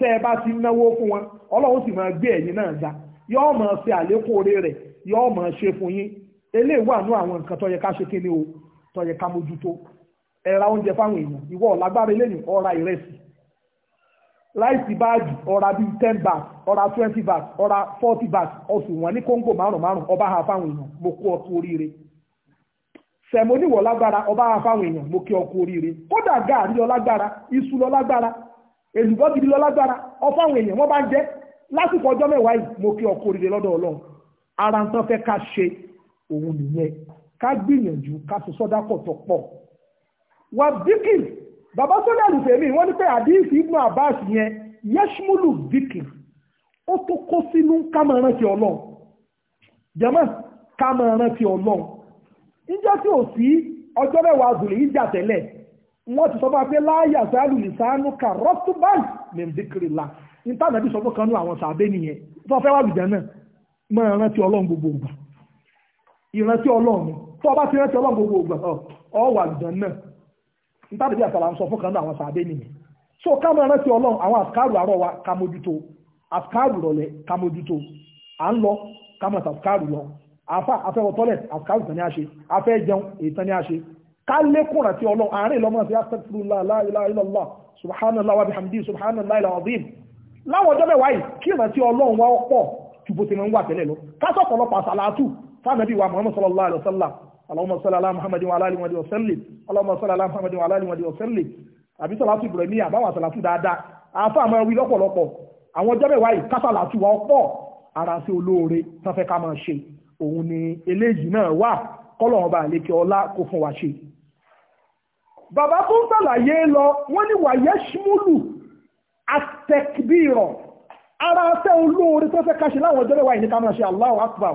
tẹ́ ẹ bá ti náwó fún wọn ọlọ́run sì máa gbé ẹ̀yìn náà ga yọ́ọ́ máa ṣe àlékún oore rẹ̀ yọ́ọ́ máa ṣe fún yín eléyìí wà ní àwọn nǹkan tó ká ṣe kí o tó ká mójútó ẹ ra oúnjẹ fáwọn èèyàn ìwọ ọ̀làgbára eléyìí ọ̀ra ìrẹsì láìsí báàgì ọ̀ra bíi ten bags ọ̀ra twenty bags forty ní kóńgò márùnmárùn fáwọn èèyàn mo kú ọkú èlùbọ́ gidi lọ lágbára ọ̀fọ̀ àwọn èèyàn wọ́n bá ń jẹ́ lásìkò ọjọ́ mẹ́wàá yìí mo kí ọkọ òrìlẹ̀ lọ́dọ̀ ọlọ́run ara ń tán fẹ́ ká ṣe òun nìyẹn ká gbìyànjú ká so sọ́dá pọ̀ tó pọ̀. wà díkìr bàbá sọ́dá àlùfẹ́ mi wọ́n ní pé àdíìsì ibnu abbas yẹn yẹ́ṣmúlù díkìr ó tó kó sínú kámẹ́rán ti ọlọ́run jẹ́mọ́ kámẹ́rán ti ọlọ́run níjẹ́ tí ò sí ọjọ́ mẹ́wàá àzùlẹ̀ yìí jà tẹ́lẹ̀ wọ́n ti sọ bá pé láàyà sáàlù lìsánú kà rọ́túbán mẹ́ndékìrìlá ìtànàbí sọ fún kanú àwọn sàbẹ́ nìyẹn tó fẹ́ wà lùjẹ́ náà mọ ìrántí ọlọ́run gbogbo ògbà ìrántí ọlọ́run tó bá ti rántí ọlọ́run gbogbo ògbà ọ wà lùjẹ́ náà ìtànàbí àtàlà ń sọ fún kanú àwọn sàbẹ́ nìyẹn so ká mọ ìrántí ọlọ́run àwọn àfikárù àárọ̀ wa ká mójútó àfikárù rọ̀lẹ́ ká mójútó à ń lọ ká mọ àfikárù lọ àfẹ́ wọ tọ́lẹ̀ àfikárù tán ni a ṣe àfẹ́ jẹun èyí tán ni a ṣe ká lékún àti ọlọ́run àárín lọ́mọ àti astaghfirullah la ilaha illallah subhanallah wa bihamdi subhanallah alazim láwọn ọjọ́ mẹ́wàá yìí kí ìrántí ọlọ́run wá pọ̀ ju bó ti máa ń wà tẹ́lẹ̀ lọ kásọ̀ ọ̀pọ̀lọpọ̀ àsàlátù fánàbí wa muhammad sallallahu alayhi wa sallam allahumma salli ala muhammadin wa ala alihi wa sallim allahumma salli ala muhammadin wa ala alihi wa sallim àbí sàlátù ibrahimiyya àbáwọn àsàlátù dáadáa àáfà máa wí lọ́pọ̀lọpọ̀ àwọn ọjọ́ mẹ́wàá yìí kásàlátù wa pọ̀ ara sí olóore tán fẹ́ ká máa ṣe òun ni eléyìí náà wà kọ́lọ̀ ọba àlekè ọlá kó fún wa ṣe bàbá tó ń sàlàyé lọ wọ́n ní wàyẹ́ ṣmúlù àtẹ̀kbìrọ̀ ara fẹ́ olóore tó fẹ́ káṣe láwọn ọjọ́ lẹ́wà ìníkà máa ṣe Allahu Akbar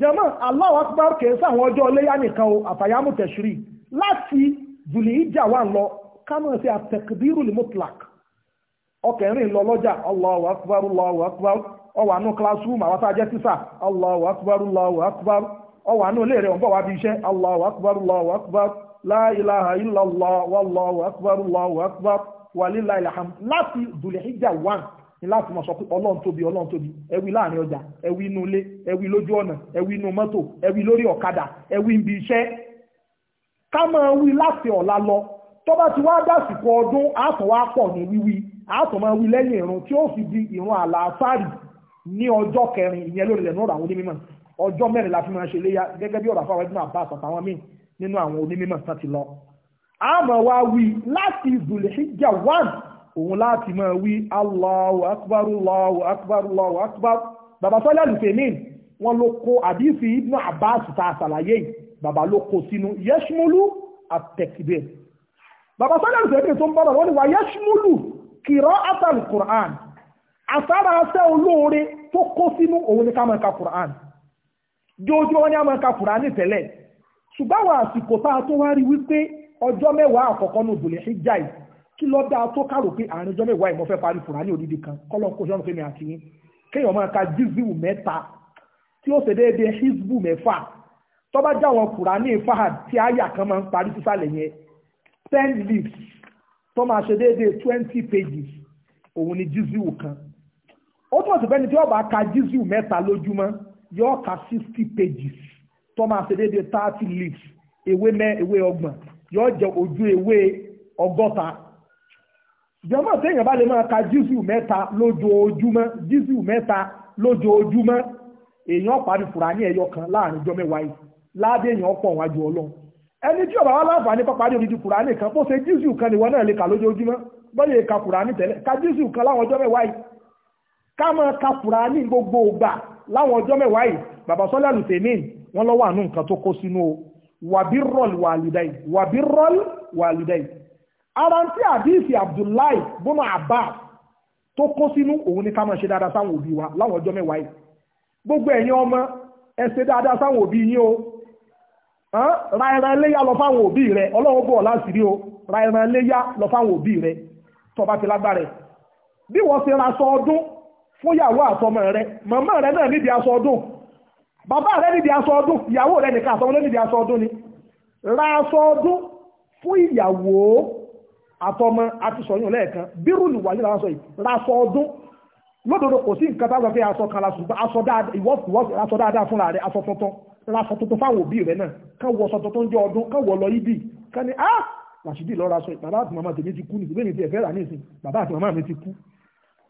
jẹ́mọ́ Allahu Akbar kìí sáwọn ọjọ́ ọlẹ́yà nìkan o àfàyàmù tẹ̀sírì láti jùlì ìjà wà lọ kánú ṣe àtẹ̀kbìrù lè mutlak ọkẹ̀rin lọ lọ́jà Allahu Akbar Allahu Akbar ọwà nù classroom àwọn sáà jẹ́ tísà la ilaha illallah wallahu akbar allahu akbar walillahil hamd láti dùlẹ̀híjà one ni lati mọ̀ sọ pé ọlọ́run tobi ọlọ́run tóbi ewi ọjà ẹwí inú ilé ẹwí lójú ọ̀nà ẹwí inú mọ́tò ẹwí lórí ọ̀kadà ẹwí ibi iṣẹ́ ti wá dásìkò ọdún àtọ̀ wá pọ̀ ní a àtọ̀ máa wí lẹ́yìn ìrun tí ó di irun kẹrin ìyẹn lórí ilẹ̀ àwọn onímọ̀ ọjọ́ mẹ́rin la fi máa ṣe léyà gẹ́gẹ́ bí nínú àwọn onímọ̀ tán ti lọ. a máa wá wí láti zulhijja one òun láti máa wí allahu akbar allahu akbar allahu akbar bàbá sọ́lá lùfẹ̀mín wọn ló kó àdífi ibnu abbas ta àṣàlàyé yìí ló kó sínú yashmulu at-takbir bàbá sọ́lá lùfẹ̀mín tó ń bọ̀ wọ́n ni wà yashmulu qira'at al-Qur'an àsára aṣẹ́ olóore tó kó sínú òun ní ká máa ka Qur'an jójúmọ́ wọn ni a máa ka Qur'an tẹ́lẹ̀ ṣùgbọ́n àwọn àsìkò tá a tó wá rí wípé ọjọ́ mẹ́wàá àkọ́kọ́ ní òdòlẹ̀ ṣe jáì kí lọ́ dáa tó kárò pé àárín ọjọ́ mẹ́wàá ìmọ̀ fẹ́ parí fúnra ní òdìdí kan kọ́lọ́n kó sọ́nà kémi àti yín kéèyàn máa ka jízìwù mẹ́ta tí ó ṣe déédéé hizbu mẹ́fà tọ́ba já wọn fúnra ní ìfahàn tí àyà kan máa ń parí sísàlẹ̀ yẹn ten leaves tó máa ṣe déédéé twenty pages òun ni jízìwù kan ó tún ọ̀sẹ̀ fẹ́ni tí ó bá ka jízìwù mẹ́ta lójúmọ́ yóò ka sixty pages tó máa ṣe déédéé thirty leaves ewé mẹ́ ewé ọgbọ̀n yóò jẹ ojú ewé ọgọ́ta jọmọ téèyàn bá lè máa ka jísù mẹ́ta lójoojúmọ́ jísù mẹ́ta lójoojúmọ́ èèyàn parí fúrání ẹyọ kan láàrin ọjọ́ mẹ́wàá yìí láàbí èèyàn pọ̀ wájú ọlọ́run ẹni tí ọba wa láǹfààní pápárí odidi fúrání kan bó ṣe jísù kan nìwọ náà lè kà lójoojúmọ́ bọ́lá èka fúrání tẹ́lẹ̀ ka jísù kan láwọn ọjọ́ mẹ́wàá yìí ká máa ka fúrání gbogbo ògbà láwọn ọjọ́ mẹ́wàá yìí bàbá sọ́lá lùsèmíì wọ́n lọ́wọ́ àánú nǹkan tó kó sínú o wàbírọ̀l wàlídàí wàbírọ̀l wàlídàí ara ń tí àdíìsì Abdullahi bọ́nà Abbas tó kó sínú òun ní ká máa ṣe dáadáa sáwọn òbí wa láwọn ọjọ́ mẹ́wàá yìí gbogbo ẹ̀yin ọmọ ẹ ṣe dáadáa sáwọn òbí yín o ra ẹran ẹlẹ́yà lọ fáwọn òbí rẹ ọlọ́run bọ̀ láti rí o ra ẹran ẹlẹ́yà lọ fáwọn òbí rẹ tọba ti lágbára bí wọ́n ṣe ra aṣọ ọdún fún àtọmọ rẹ màmá rẹ náà nídìí aṣọ ọdún bàbá rẹ nídìí aṣọ ọdún ìyàwó rẹ nìkan àtọwọn ló nídìí aṣọ ọdún ni ra aṣọ ọdún fún ìyàwó àtọmọ àti sọyún lẹ́ẹ̀kan bírùlù wà nílò aṣọ yìí ra aṣọ ọdún lódodo kò sí nǹkan táwọn fẹ́ aṣọ kan lásùn aṣọ dáadáa ìwọ́sùn aṣọ dáadáa fúnra rẹ aṣọ tuntun ra aṣọ tuntun fáwọn òbí rẹ náà kán wọ aṣọ tuntun jẹ ọdún kán wọ lọ ibì kán ní ah làṣídì lọ́ra aṣọ bàbá àti màmá tèmi ti kú ní ìbéèrè tí ẹ fẹ́ rà ní ìsìn bàbá àti màmá mi ti kú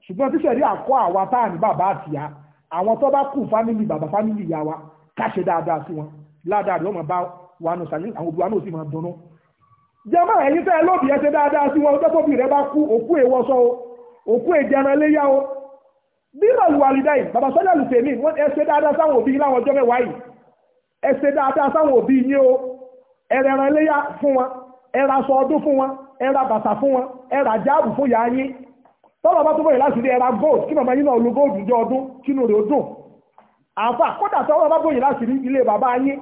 ṣùgbọ́n tíṣẹ̀rí àkọ́ àwa táà ní bàbá àtìyá àwọn tó bá kù fámìlì bàbá fámìlì ìyá wa ká ṣe dáadáa sí wọn ládàá rẹ̀ ọmọ bá wa nù sàyẹn àwọn òbí wa náà sì máa dunnú. jẹ́mọ́ ẹ̀yin tẹ́ ẹ lóbi ẹ ṣe dáadáa sí wọn ọjọ́ tóbi rẹ bá kú òkú èwọ́sọ o òkú èjẹran léyà o bí màlúwàlídà yìí bàbá sọ́jà lùtẹ̀mí wọ́n ẹ ṣe dáadáa sáwọn òbí láwọn ọjọ́ mẹ́wàá yìí ẹ ṣe dáadáa sáwọn òbí yín o ẹ̀rẹ̀ràn léyà fún wọn ẹ̀rà aṣọ ọdún fún wọn ẹ̀rà bàtà fún wọn ẹ̀rà jáàbù fún tọ́lọ̀ bá tó bẹ̀rẹ̀ láti rí ẹra gold kí màmá yín náà lo gold jọ ọdún kínú rẹ̀ ó dùn àǹfà kódà tọ́lọ̀ bá bòyìn láti rí ilé bàbá yín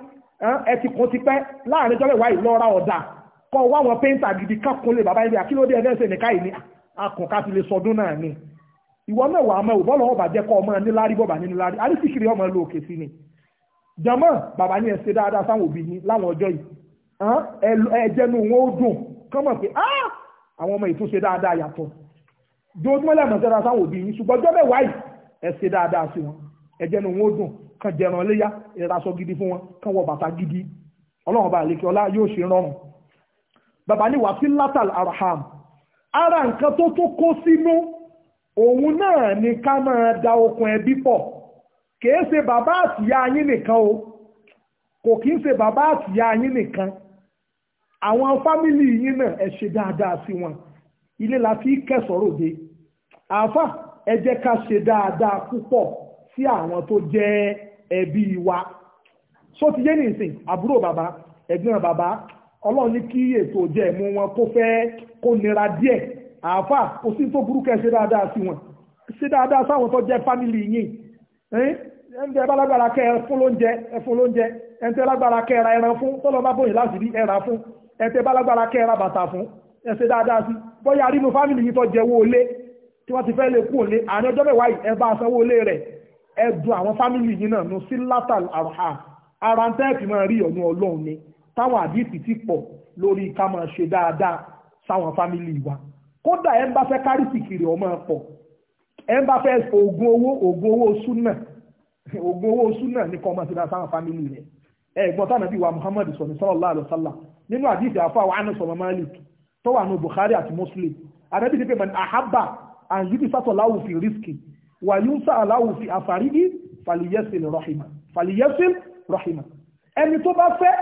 ẹ ti kún ti pẹ́ láàrin ọjọ́ mẹ́wàá yìí lọ́ra ọ̀dà kọ́ wá wọn péńtà gidi kákun lè bàbá yín bí akílódé ẹlẹ́sẹ̀ nìka yìí ni akùn ká ni ìwọ mẹ́wàá ọmọ ìbọ́lọ̀ ọba jẹ́ ni jọmọ bàbá ní ẹ ṣe dáadáa sáwọn òbí yín láwọn ọjọ́ yìí ẹ jẹnu wọn ó dùn kọ́mọ̀ pé àwọn ọmọ ìtúnṣe dáadáa yàtọ̀ jojúmọ́ lẹ́mọ̀ sẹ́ra sáwọn òbí yín ṣùgbọ́n jọ́ mẹ́wàá yìí ẹ ṣe dáadáa sí wọn ẹ̀jẹ̀ nu wọn ó dùn kan jẹran léyà ìraṣọ gidi fún wọn kan wọ bàtà gidi ọlọ́run bá àlekè ọlá yóò ṣe rọrùn. bàbá ní wàá sí látàl arham ara nǹkan tó tó kó sínú òun náà ni ká máa da okùn ẹbí pọ̀ kìí ṣe bàbá àtìyá yín nìkan o kò kìí ṣe bàbá àtìyá yín nìkan àwọn fámìlì yín náà ẹ ṣe dáadáa sí wọn ilé la fi kẹsọ̀rọ̀ dé àáfà ẹ jẹ́ ká ṣe dáadáa púpọ̀ sí àwọn tó jẹ́ ẹbí wa só ti yé nìsín àbúrò bàbá ẹ̀gbọ́n bàbá ọlọ́run ní kí ètò jẹ́ mú wọn kó fẹ́ kó nira díẹ̀ àáfà kò sí tó burúkú ẹ ṣe dáadáa sí wọn ṣe dáadáa sáwọn tó jẹ́ fámìlì yìí ẹnjẹ bá lágbára kẹ ẹ fún lóúnjẹ ẹ fún lóúnjẹ ẹntẹ lágbára kẹ ra ẹran fún tọ́lọ́ bá bóyin láti rí ẹra fún ẹntẹ bá lágbára kẹ ra bàtà fún ẹ ṣe dáadáa sí bóyá rínú fámìlì yìí tó jẹ owó tí wọ́n ti fẹ́ lè kúrò lé àárín ọjọ́ mẹ́wàá yìí ẹ bá sanwó ilé rẹ̀ ẹ dùn àwọn fámìlì yìí náà nù sí látàl àrùhà ara ń tẹ́ẹ̀fì máa rí ọ̀nà ọlọ́run ni táwọn àdìsí ti pọ̀ lórí ká máa ṣe dáadáa sáwọn fámìlì wa kódà ẹ ń bá fẹ́ kárí sìkìrì ọmọ pọ̀ ẹ ń bá fẹ́ oògùn owó oògùn owó súnà oògùn owó súnà ní kọ́ máa ṣe dáadáa sáwọn fámìlì rẹ̀ ẹ gbọ́n tánà bí wa Muhammad sọ̀rọ̀ sallallahu alaihi wasallam nínú àdìsí àfọ àwọn àna sọ̀rọ̀ Malik tó wà ní Bukhari àǹgídì sátọ̀ láwù fi rísìkì wàyúnsà aláwù fi àfàrídì fàlìyẹ́sìn rọ̀hìmà fàlìyẹ́sìn rọ̀hìmà ẹni tó bá fẹ́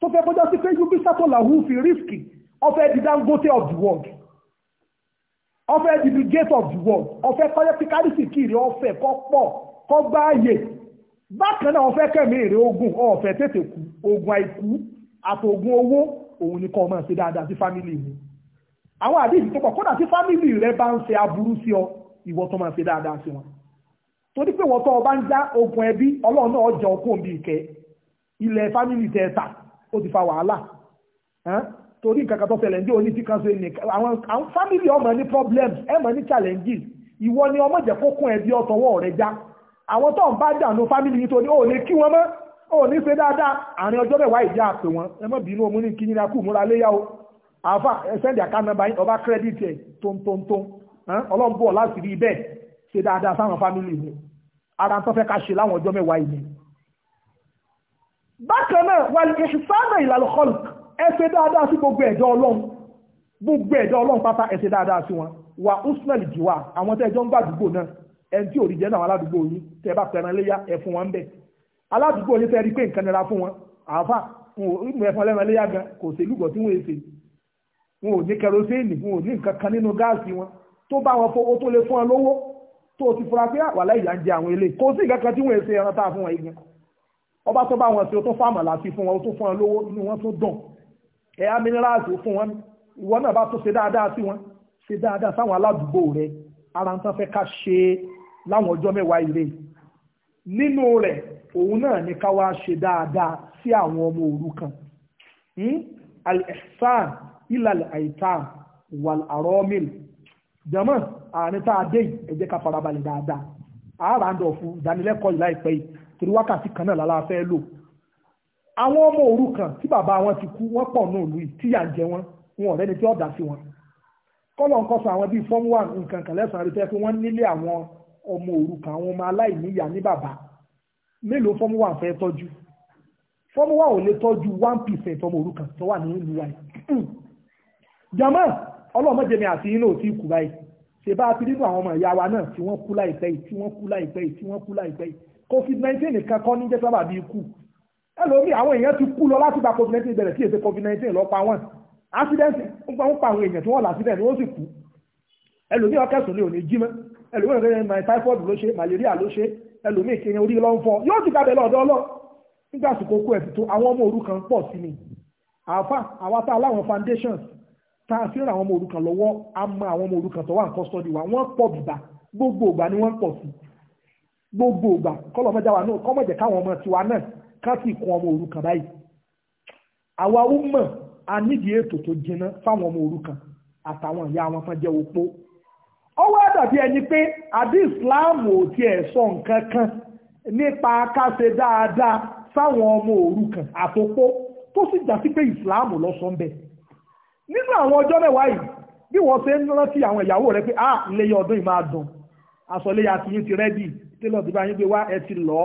tó fẹ́ kọjá sí pé yúbí sátọ̀ láwù fi rísìkì ọfẹ́ di Dangote of the world ọfẹ́ di Bill of the world ọfẹ́ kọjá sí kárìsì kiri ọfẹ́ kọ́ pọ̀ kọ́ gbáàyè bákan náà ọfẹ́ kẹ̀mí èrè ogun ọ̀fẹ́ tètè kú ogun àìkú àtògùn owó òun ni kọ́ ọmọ ṣe dáadáa sí fámìlì mi àwọn àdéhìí tó pọ̀ kódà tí fámìlì rẹ bá ń ṣe aburú sí ọ ìwọ tó máa ṣe dáadáa sí wọn torí pé wọ́n tó ọba ń já ogun ẹbí ọlọ́run náà jẹ okun bíi ìkẹ́ ilẹ̀ fámìlì tẹ̀ẹ̀ta ó ti fa wàhálà torí nǹkan kan tó ṣẹlẹ̀ ní oní tí kan ṣe nìkan àwọn fámìlì ọmọ ní problems ẹ mọ̀ ní challenges ìwọ ni ọmọ jẹ́ kó kún ẹbí ọ̀tọ̀wọ́ rẹ já àwọn tó ń bá dànù fámìlì yìí tó ní òní kí wọ́n mọ́ òní ṣe dáadáa àárín ọjọ́ mẹ́wàá ìjà àpè wọn ẹ mọ̀ bínú omi ní kínyìnrà kù múra léyà o àáfà sẹ́ndì àkànnàbà yín ọba kírẹ́dìtì ẹ̀ tóntóntón ọlọ́run bọ̀ láti rí bẹ́ẹ̀ ṣe dáadáa sáwọn fámìlì mi ara tó fẹ́ ká ṣe láwọn ọjọ́ mẹ́wàá yìí bákan náà wàlì ìṣùfáàmì ìlànà hulk ẹ ṣe dáadáa sí gbogbo ẹ̀dọ́ ọlọ́run gbogbo ẹ̀dọ́ ọlọ́run pátá ẹ ṣe dáadáa sí wọn wà usman jìwà àwọn tẹ́ ẹjọ́ ń gbàdúgbò náà ẹni tí òrìjẹ náà aládùúgbò yín tẹ́ bá pẹran léyà ẹ fún wọn ń bẹ aládùúgbò yín fẹ́ rí pé nǹkan nira fún wọn àáfà ìmọ̀ wọn ò ní kẹrosíìnì wọn ò ní nǹkan kan nínú gáàsì wọn tó bá wọn fowó tó lè fún ọ lówó tó o ti fura pé àwàlá ah, ìyá ń jẹ àwọn ilé kò sí nǹkan kan tí wọn èsè ẹran tá a fún wọn igi ọba tó bá wọn sí o tó fáàmà láti fún wọn o tó fún ọ lówó inú wọn tó dùn ẹ̀yà mínírààsì fún wọn ìwọ náà bá tó ṣe dáadáa sí wọn ṣe dáadáa sáwọn aládùúgbò rẹ ara ń tán fẹ́ ká ṣe láwọn ọjọ́ mẹ́wàá ìrè nínú rẹ̀ òun náà ni ká wá ṣe dáadáa sí àwọn ọmọ òrukàn hmm? al-ihsan ilal aitam wal aromil jama àárín tá a dé yìí ẹ jẹ́ ká farabalẹ̀ dáadáa àáràndọ̀ fún ìdánilẹ́kọ̀ọ́ yìí láìpẹ́ yìí torí wákàtí kan náà lára fẹ́ lò àwọn ọmọ òrukàn tí bàbá wọn ti kú wọ́n pọ̀ náà lù tí jẹ wọn wọn ọ̀rẹ́ni tí ó sí wọn kọ́lọ̀ ń kọ́sọ àwọn bíi form one nǹkan kan lẹ́sàn-án rí tẹ́ pé wọ́n nílé àwọn ọmọ òrukàn àwọn ọmọ aláìníyà ní bàbá mélòó form one fẹ́ tọ́jú form one ò lè tọ́jú one percent ọmọ òrukàn tó wà ní ìlú wa yìí jama ọlọ́mọdé mi àti yín náà ti kú báyìí ṣe bá a ti nínú àwọn ọmọ ìyá wa náà tí wọ́n kú láìpẹ́ yìí tí wọ́n kú láìpẹ́ yìí tí wọ́n kú láìpẹ́ yìí covid nineteen nìkan kọ́ ní jẹ́ sábà bíi ikú ẹlòmíì àwọn èèyàn ti kú lọ láti gba covid 19, bẹ̀rẹ̀ sí èsè covid nineteen lọ pa wọ́n accident ń pa ń pa àwọn èèyàn tí wọ́n là accident wọ́n sì kú ẹlòmíì ọkẹ́sùn ni ò ní jí mọ́ ẹlòmíì ọ̀rẹ́ mi typhoid ló ṣe malaria ló ṣe ẹlòmíì kìnìún orí ló ń fọ yóò ti gbàgbé lọ́dọ̀ ọlọ́ nígbà sùkókó ẹ̀ tuntun àwọn ọmọ òrukàn pọ̀ sí ni àáfà àwọn tá a láwọn foundations tá a àwọn ọmọ òrukàn lọ́wọ́ a mọ àwọn ọmọ òrukàn tó wà wa wọ́n pọ̀ gbogbo ìgbà ni wọ́n pọ̀ sí gbogbo ìgbà kọ́lọ́mọjà wa náà kọ́mọ̀jẹ̀ káwọn ọmọ tiwa náà ká sì kún ọmọ òrukàn báyìí àwa ó mọ̀ a nídìí ètò tó jiná fáwọn ọmọ àtàwọn ìyá wọn jẹ́ opó sọ nǹkan kan nípa dáadáa fáwọn ọmọ àtòpó tó sì nínú àwọn ọjọ́ mẹ́wàá yìí bí wọ́n ṣe ń rántí àwọn ìyàwó rẹ pé ah iléyà ọdún yìí máa dùn aṣọ iléyà tí yín ti rẹ́dì tẹ́lọ̀ tí bá yín gbé wá ẹ ti lọ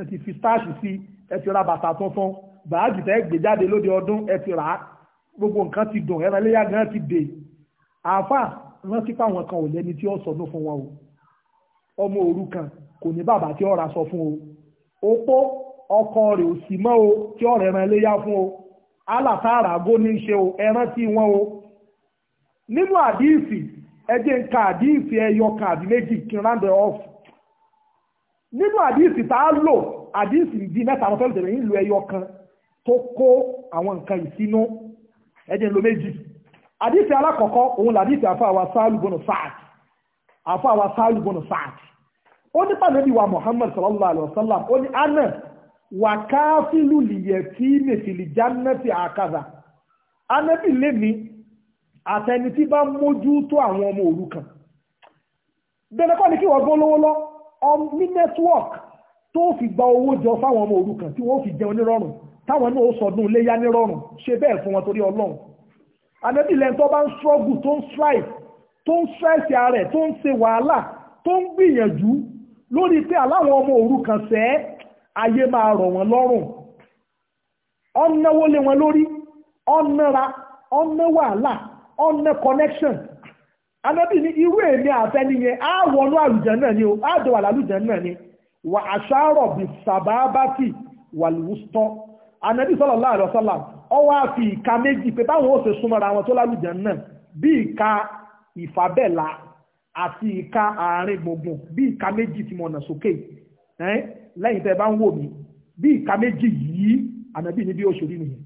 ẹ ti fi stáàsì sí ẹ ti ra bàtà tuntun bàájì tẹ́ gbé jáde lóde ọdún ẹ ti rà á gbogbo nǹkan ti dùn ẹran iléyà gan ti dè àáfà rántí páwọn kan ò lẹ́ni tí ó sọdún fún wọn o ọmọ òrukàn kò ní bàbá tí ó ra sọ fún o opó ọkọ rẹ̀ ò sì mọ́ o tí ó rẹ̀ ẹran iléyà fún o alàtàrà agó ní ṣe o ẹran tí o nínú àdíìsì ẹjẹ́ nǹka àdíìsì ẹyọ kan méjì kí n off nínú àdíìsì tá a lò àdíìsì di mẹ́ta àwọn fẹ́lẹ̀ ń lo ẹyọ kan tó kó àwọn nǹkan ìsinú ẹjẹ́ ń méjì àdíìsì alákọ̀ọ́kọ́ òun làdíìsì àfa sáàlù bọ́nù sáàtì àfa sáàlù wa Muhammad sallallahu alayhi wa sallam ó wàkáfílù lìyẹ̀ tí jánẹ́tì àkàzà anẹ́bì lèmi àtẹni tí bá mójú tó àwọn ọmọ òrukàn bẹ́ẹ̀nẹ́kọ́ ni kí wọ́n gbọ́ lówó lọ ní network tó fi gba owó jọ fáwọn ọmọ òrukàn tí wọ́n fi jẹun nírọ̀rùn táwọn náà ó sọdún léyá nírọ̀rùn ṣe bẹ́ẹ̀ fún wọn torí ọlọ́run anẹ́bì lẹ́ni tó bá ń struggle tó ń strive tó ń stress ara tó ń ṣe wàhálà tó ń gbìyànjú lórí pé aláwọn ọmọ òrukàn sẹ́ẹ́ ayé máa rọ̀ wọ́n lọ́rùn ọ̀nàwó lé wọn lórí ọ̀nàra ọ̀nà wàhálà ọ̀nà connection anabi ni irú èmi àfẹ́niyẹn á wọnú àlùjẹ́ náà ni o á jọ wà lálùjẹ́ náà ni wà àṣàrọ̀ bí sàbábàtì wà lùwùsọ́ anábì sallallahu alaihi wasallam ọwọ́ àfi ìka méjì pé báwọn ó ṣe súnmọ́ra wọn tó lálùjẹ́ náà bí ìka ìfàbẹ́là àti ìka àárín gbùngbùn bí ìka méjì tí mo nà sókè lẹ́yìn tẹ́ bá ń wò mí bí ìka méjì yìí ànábì ní bí ó ṣe rí nìyẹn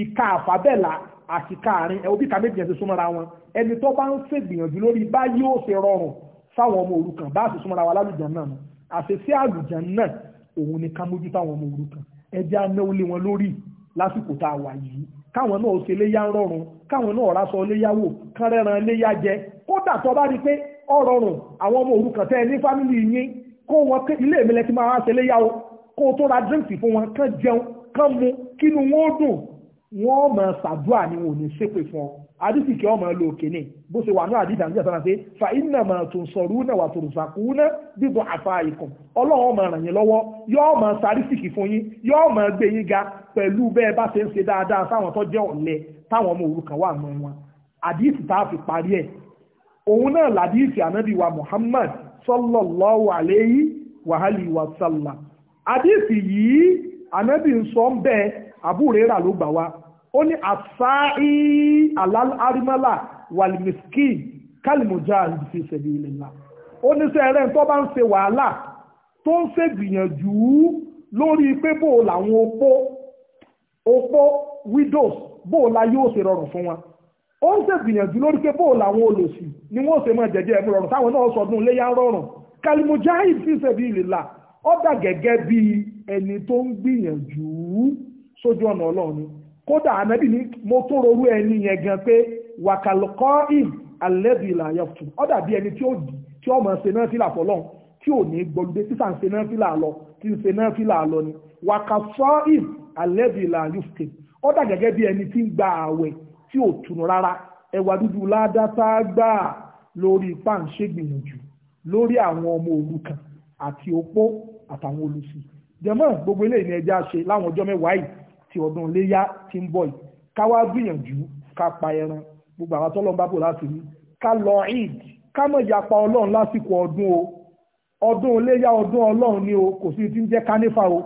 ìka àfàbẹ́là àti káàrin ẹ̀wọ́ bí ìka méjì yẹn ti súnmọ́ra wọn ẹni tó bá ń ṣègbìyànjú lórí bá yóò ṣe rọrùn fáwọn ọmọ òrukàn bá sì súnmọ́ra wa lálùjàn náà nù àṣeṣe àlùjàn náà òun ni ká mójú táwọn ọmọ òrukàn ẹjẹ́ anáwó lé wọn lórí lásìkò tá a wà yìí káwọn náà ṣe léyà ń rọrùn káwọn náà rásọ léyàwó kán rẹ́ran léyà jẹ kódà tó bá rí pé ọ̀rọ̀rùn àwọn ọmọ òrukàn tẹ́ ẹ ní fámìlì yín kó wọn pé ilé mi lẹ́tí máa ṣe léyàwó kó tó ra fún wọn kán jẹun kán wọn ó dùn wọn ò ṣàdúrà ni wọn ò fún ọ àdìsíkì ike lò kéne bó ṣe wà ní fa iná mà tó ń wà tó ń sàkú ná bíbọ àfa ikùn ràn yín lọ́wọ́ yóò sàrísìkì fún yín yóò gbé yín wọn àdìsí tá a fi parí ẹ̀ òun náà làdìsí sallallahu alayhi wa alihi wa sallam àdìsí yìí ànábì ń sọ ń bẹ́ẹ̀ àbúrẹ́rà ló gbà wá ó ní àṣáì alárímọ́là wàlìmìskì kálìmọ̀já fi sabilillah ó ní sẹ́rẹ̀ tó bá ń ṣe wàhálà tó ń ṣe gbìyànjú lórí pé bó làwọn opó opó widows bó la yóò ṣe rọrùn fún wọn ó ń ṣègbìyànjú lórí pé bóò làwọn olòṣì ni wọ́n ṣe máa jẹ́jẹ́ ẹ̀mú rọrùn táwọn náà sọdún léyà rọrùn kalimujahid fi ṣèbí ìlélà ó dà gẹ́gẹ́ bí ẹni tó ń gbìyànjú sójú ọ̀nà ọlọ́run kódà ànábì ni mo tó rorú ẹni yẹn gan pé wàkàlùkọ́ ìm alẹ́bí ìlà yẹ̀fù ó dàbí ẹni tí ó tí ó máa ṣe náà fìlà fọlọ́n tí ò ní gbọ́lùdé títà ń ṣe náà fìlà lọ tí gẹ́gẹ́ bí ẹni tí ń gba ààwẹ̀ tí ò tunu rárá ẹwà dúdú ládàtà gbà lórí páńṣẹ́ gbìyànjú lórí àwọn ọmọ òrukàn àti opó àtàwọn olùsìn jẹmọ́ gbogbo eléyìí ni ẹja ṣe láwọn ọjọ́ mẹ́wàá yìí ti ọdún léyà ti ń bọ̀ yìí ká wá gbìyànjú ká pa ẹran gbogbo àwọn tọ́lọ́ ń bá bò láti rí ká lọ eid ká mọ̀ ìyapa ọlọ́run lásìkò ọdún o ọdún léyà ọdún ọlọ́run ni o kò sí ti ń jẹ́ kánífà o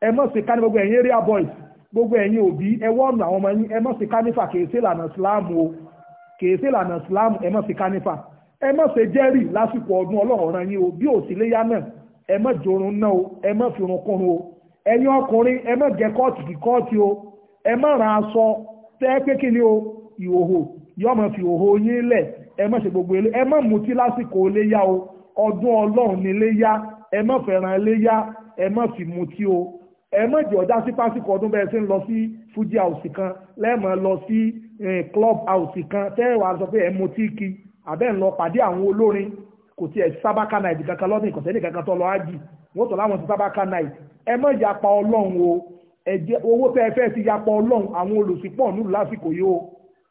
ẹ mọ̀ sí kánífà gbogbo ẹ̀yìn area boys gbogbo ẹ̀yin òbí ẹ wọ́ọ̀nù àwọn ọmọ yín ẹ má ṣe kánífà kèé sí síláàmù o kèé sí síláàmù ẹ kánífà ẹ jẹ́rì lásìkò ọdún yín o bí ò sí léyà náà ẹ o ẹ kúrun o ẹ̀yin ọkùnrin ẹ o ẹ aṣọ tẹ́ pé kí ni fi yín lẹ̀ ẹ gbogbo ẹ mutí lásìkò léyà o ọdún ọlọ́run ni léyà ẹ fẹ́ràn léyà ẹ fi mutí o ẹ má jẹ́ ọ̀dá sí pásíkò ọdún bẹ́ẹ̀ sí ń lọ sí fuji house kan lẹ́ẹ̀mọ́ lọ sí club house kan tẹ́ẹ̀wá sọ pé ẹ mo tí kí àbẹ́ ń lọ pàdé àwọn olórin kò tiẹ̀ sábàkà náìtì kankan lọ́dún ìkọ̀sẹ́lẹ̀ kankan tó lọ ájì wọ́n tọ̀ láwọn ti sábàkà náìtì ẹ má yapa ọlọ́run o ẹ̀jẹ̀ owó tẹ́ ẹ fẹ́ ti yapa ọlọ́run àwọn olùsìnpọ̀ nílùú lásìkò yìí o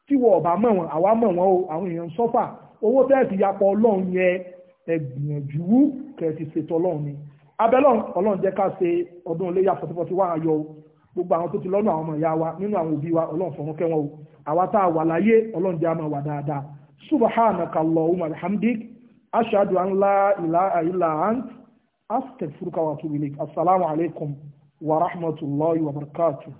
tí wọ́n ọ̀bà mọ̀ wọn àwa mọ̀ wọn o àwọn èèyàn ń sọ́fà owó tẹ́ ẹ ti yapa ọlọ́run yẹn ẹ̀gbìyànjú kẹ̀ ti ṣètò ọlọ́run ni abẹ́lọ́n ọlọ́run jẹ́ ká ṣe ọdún iléyà forty forty one ayọ̀ o gbogbo àwọn tó ti lọ́nà àwọn ọmọ ìyá wa nínú àwọn òbí wa ọlọ́run fọ̀rọ̀ kẹ́wọn o àwa tá a wà láyé ọlọ́run jẹ́ a wà dáadáa subhanaka allahumma alhamdik ashhadu an la ilaha illa ant astaghfiruka wa atubu ilaik assalamu alaikum wa rahmatullahi wa barakatuh.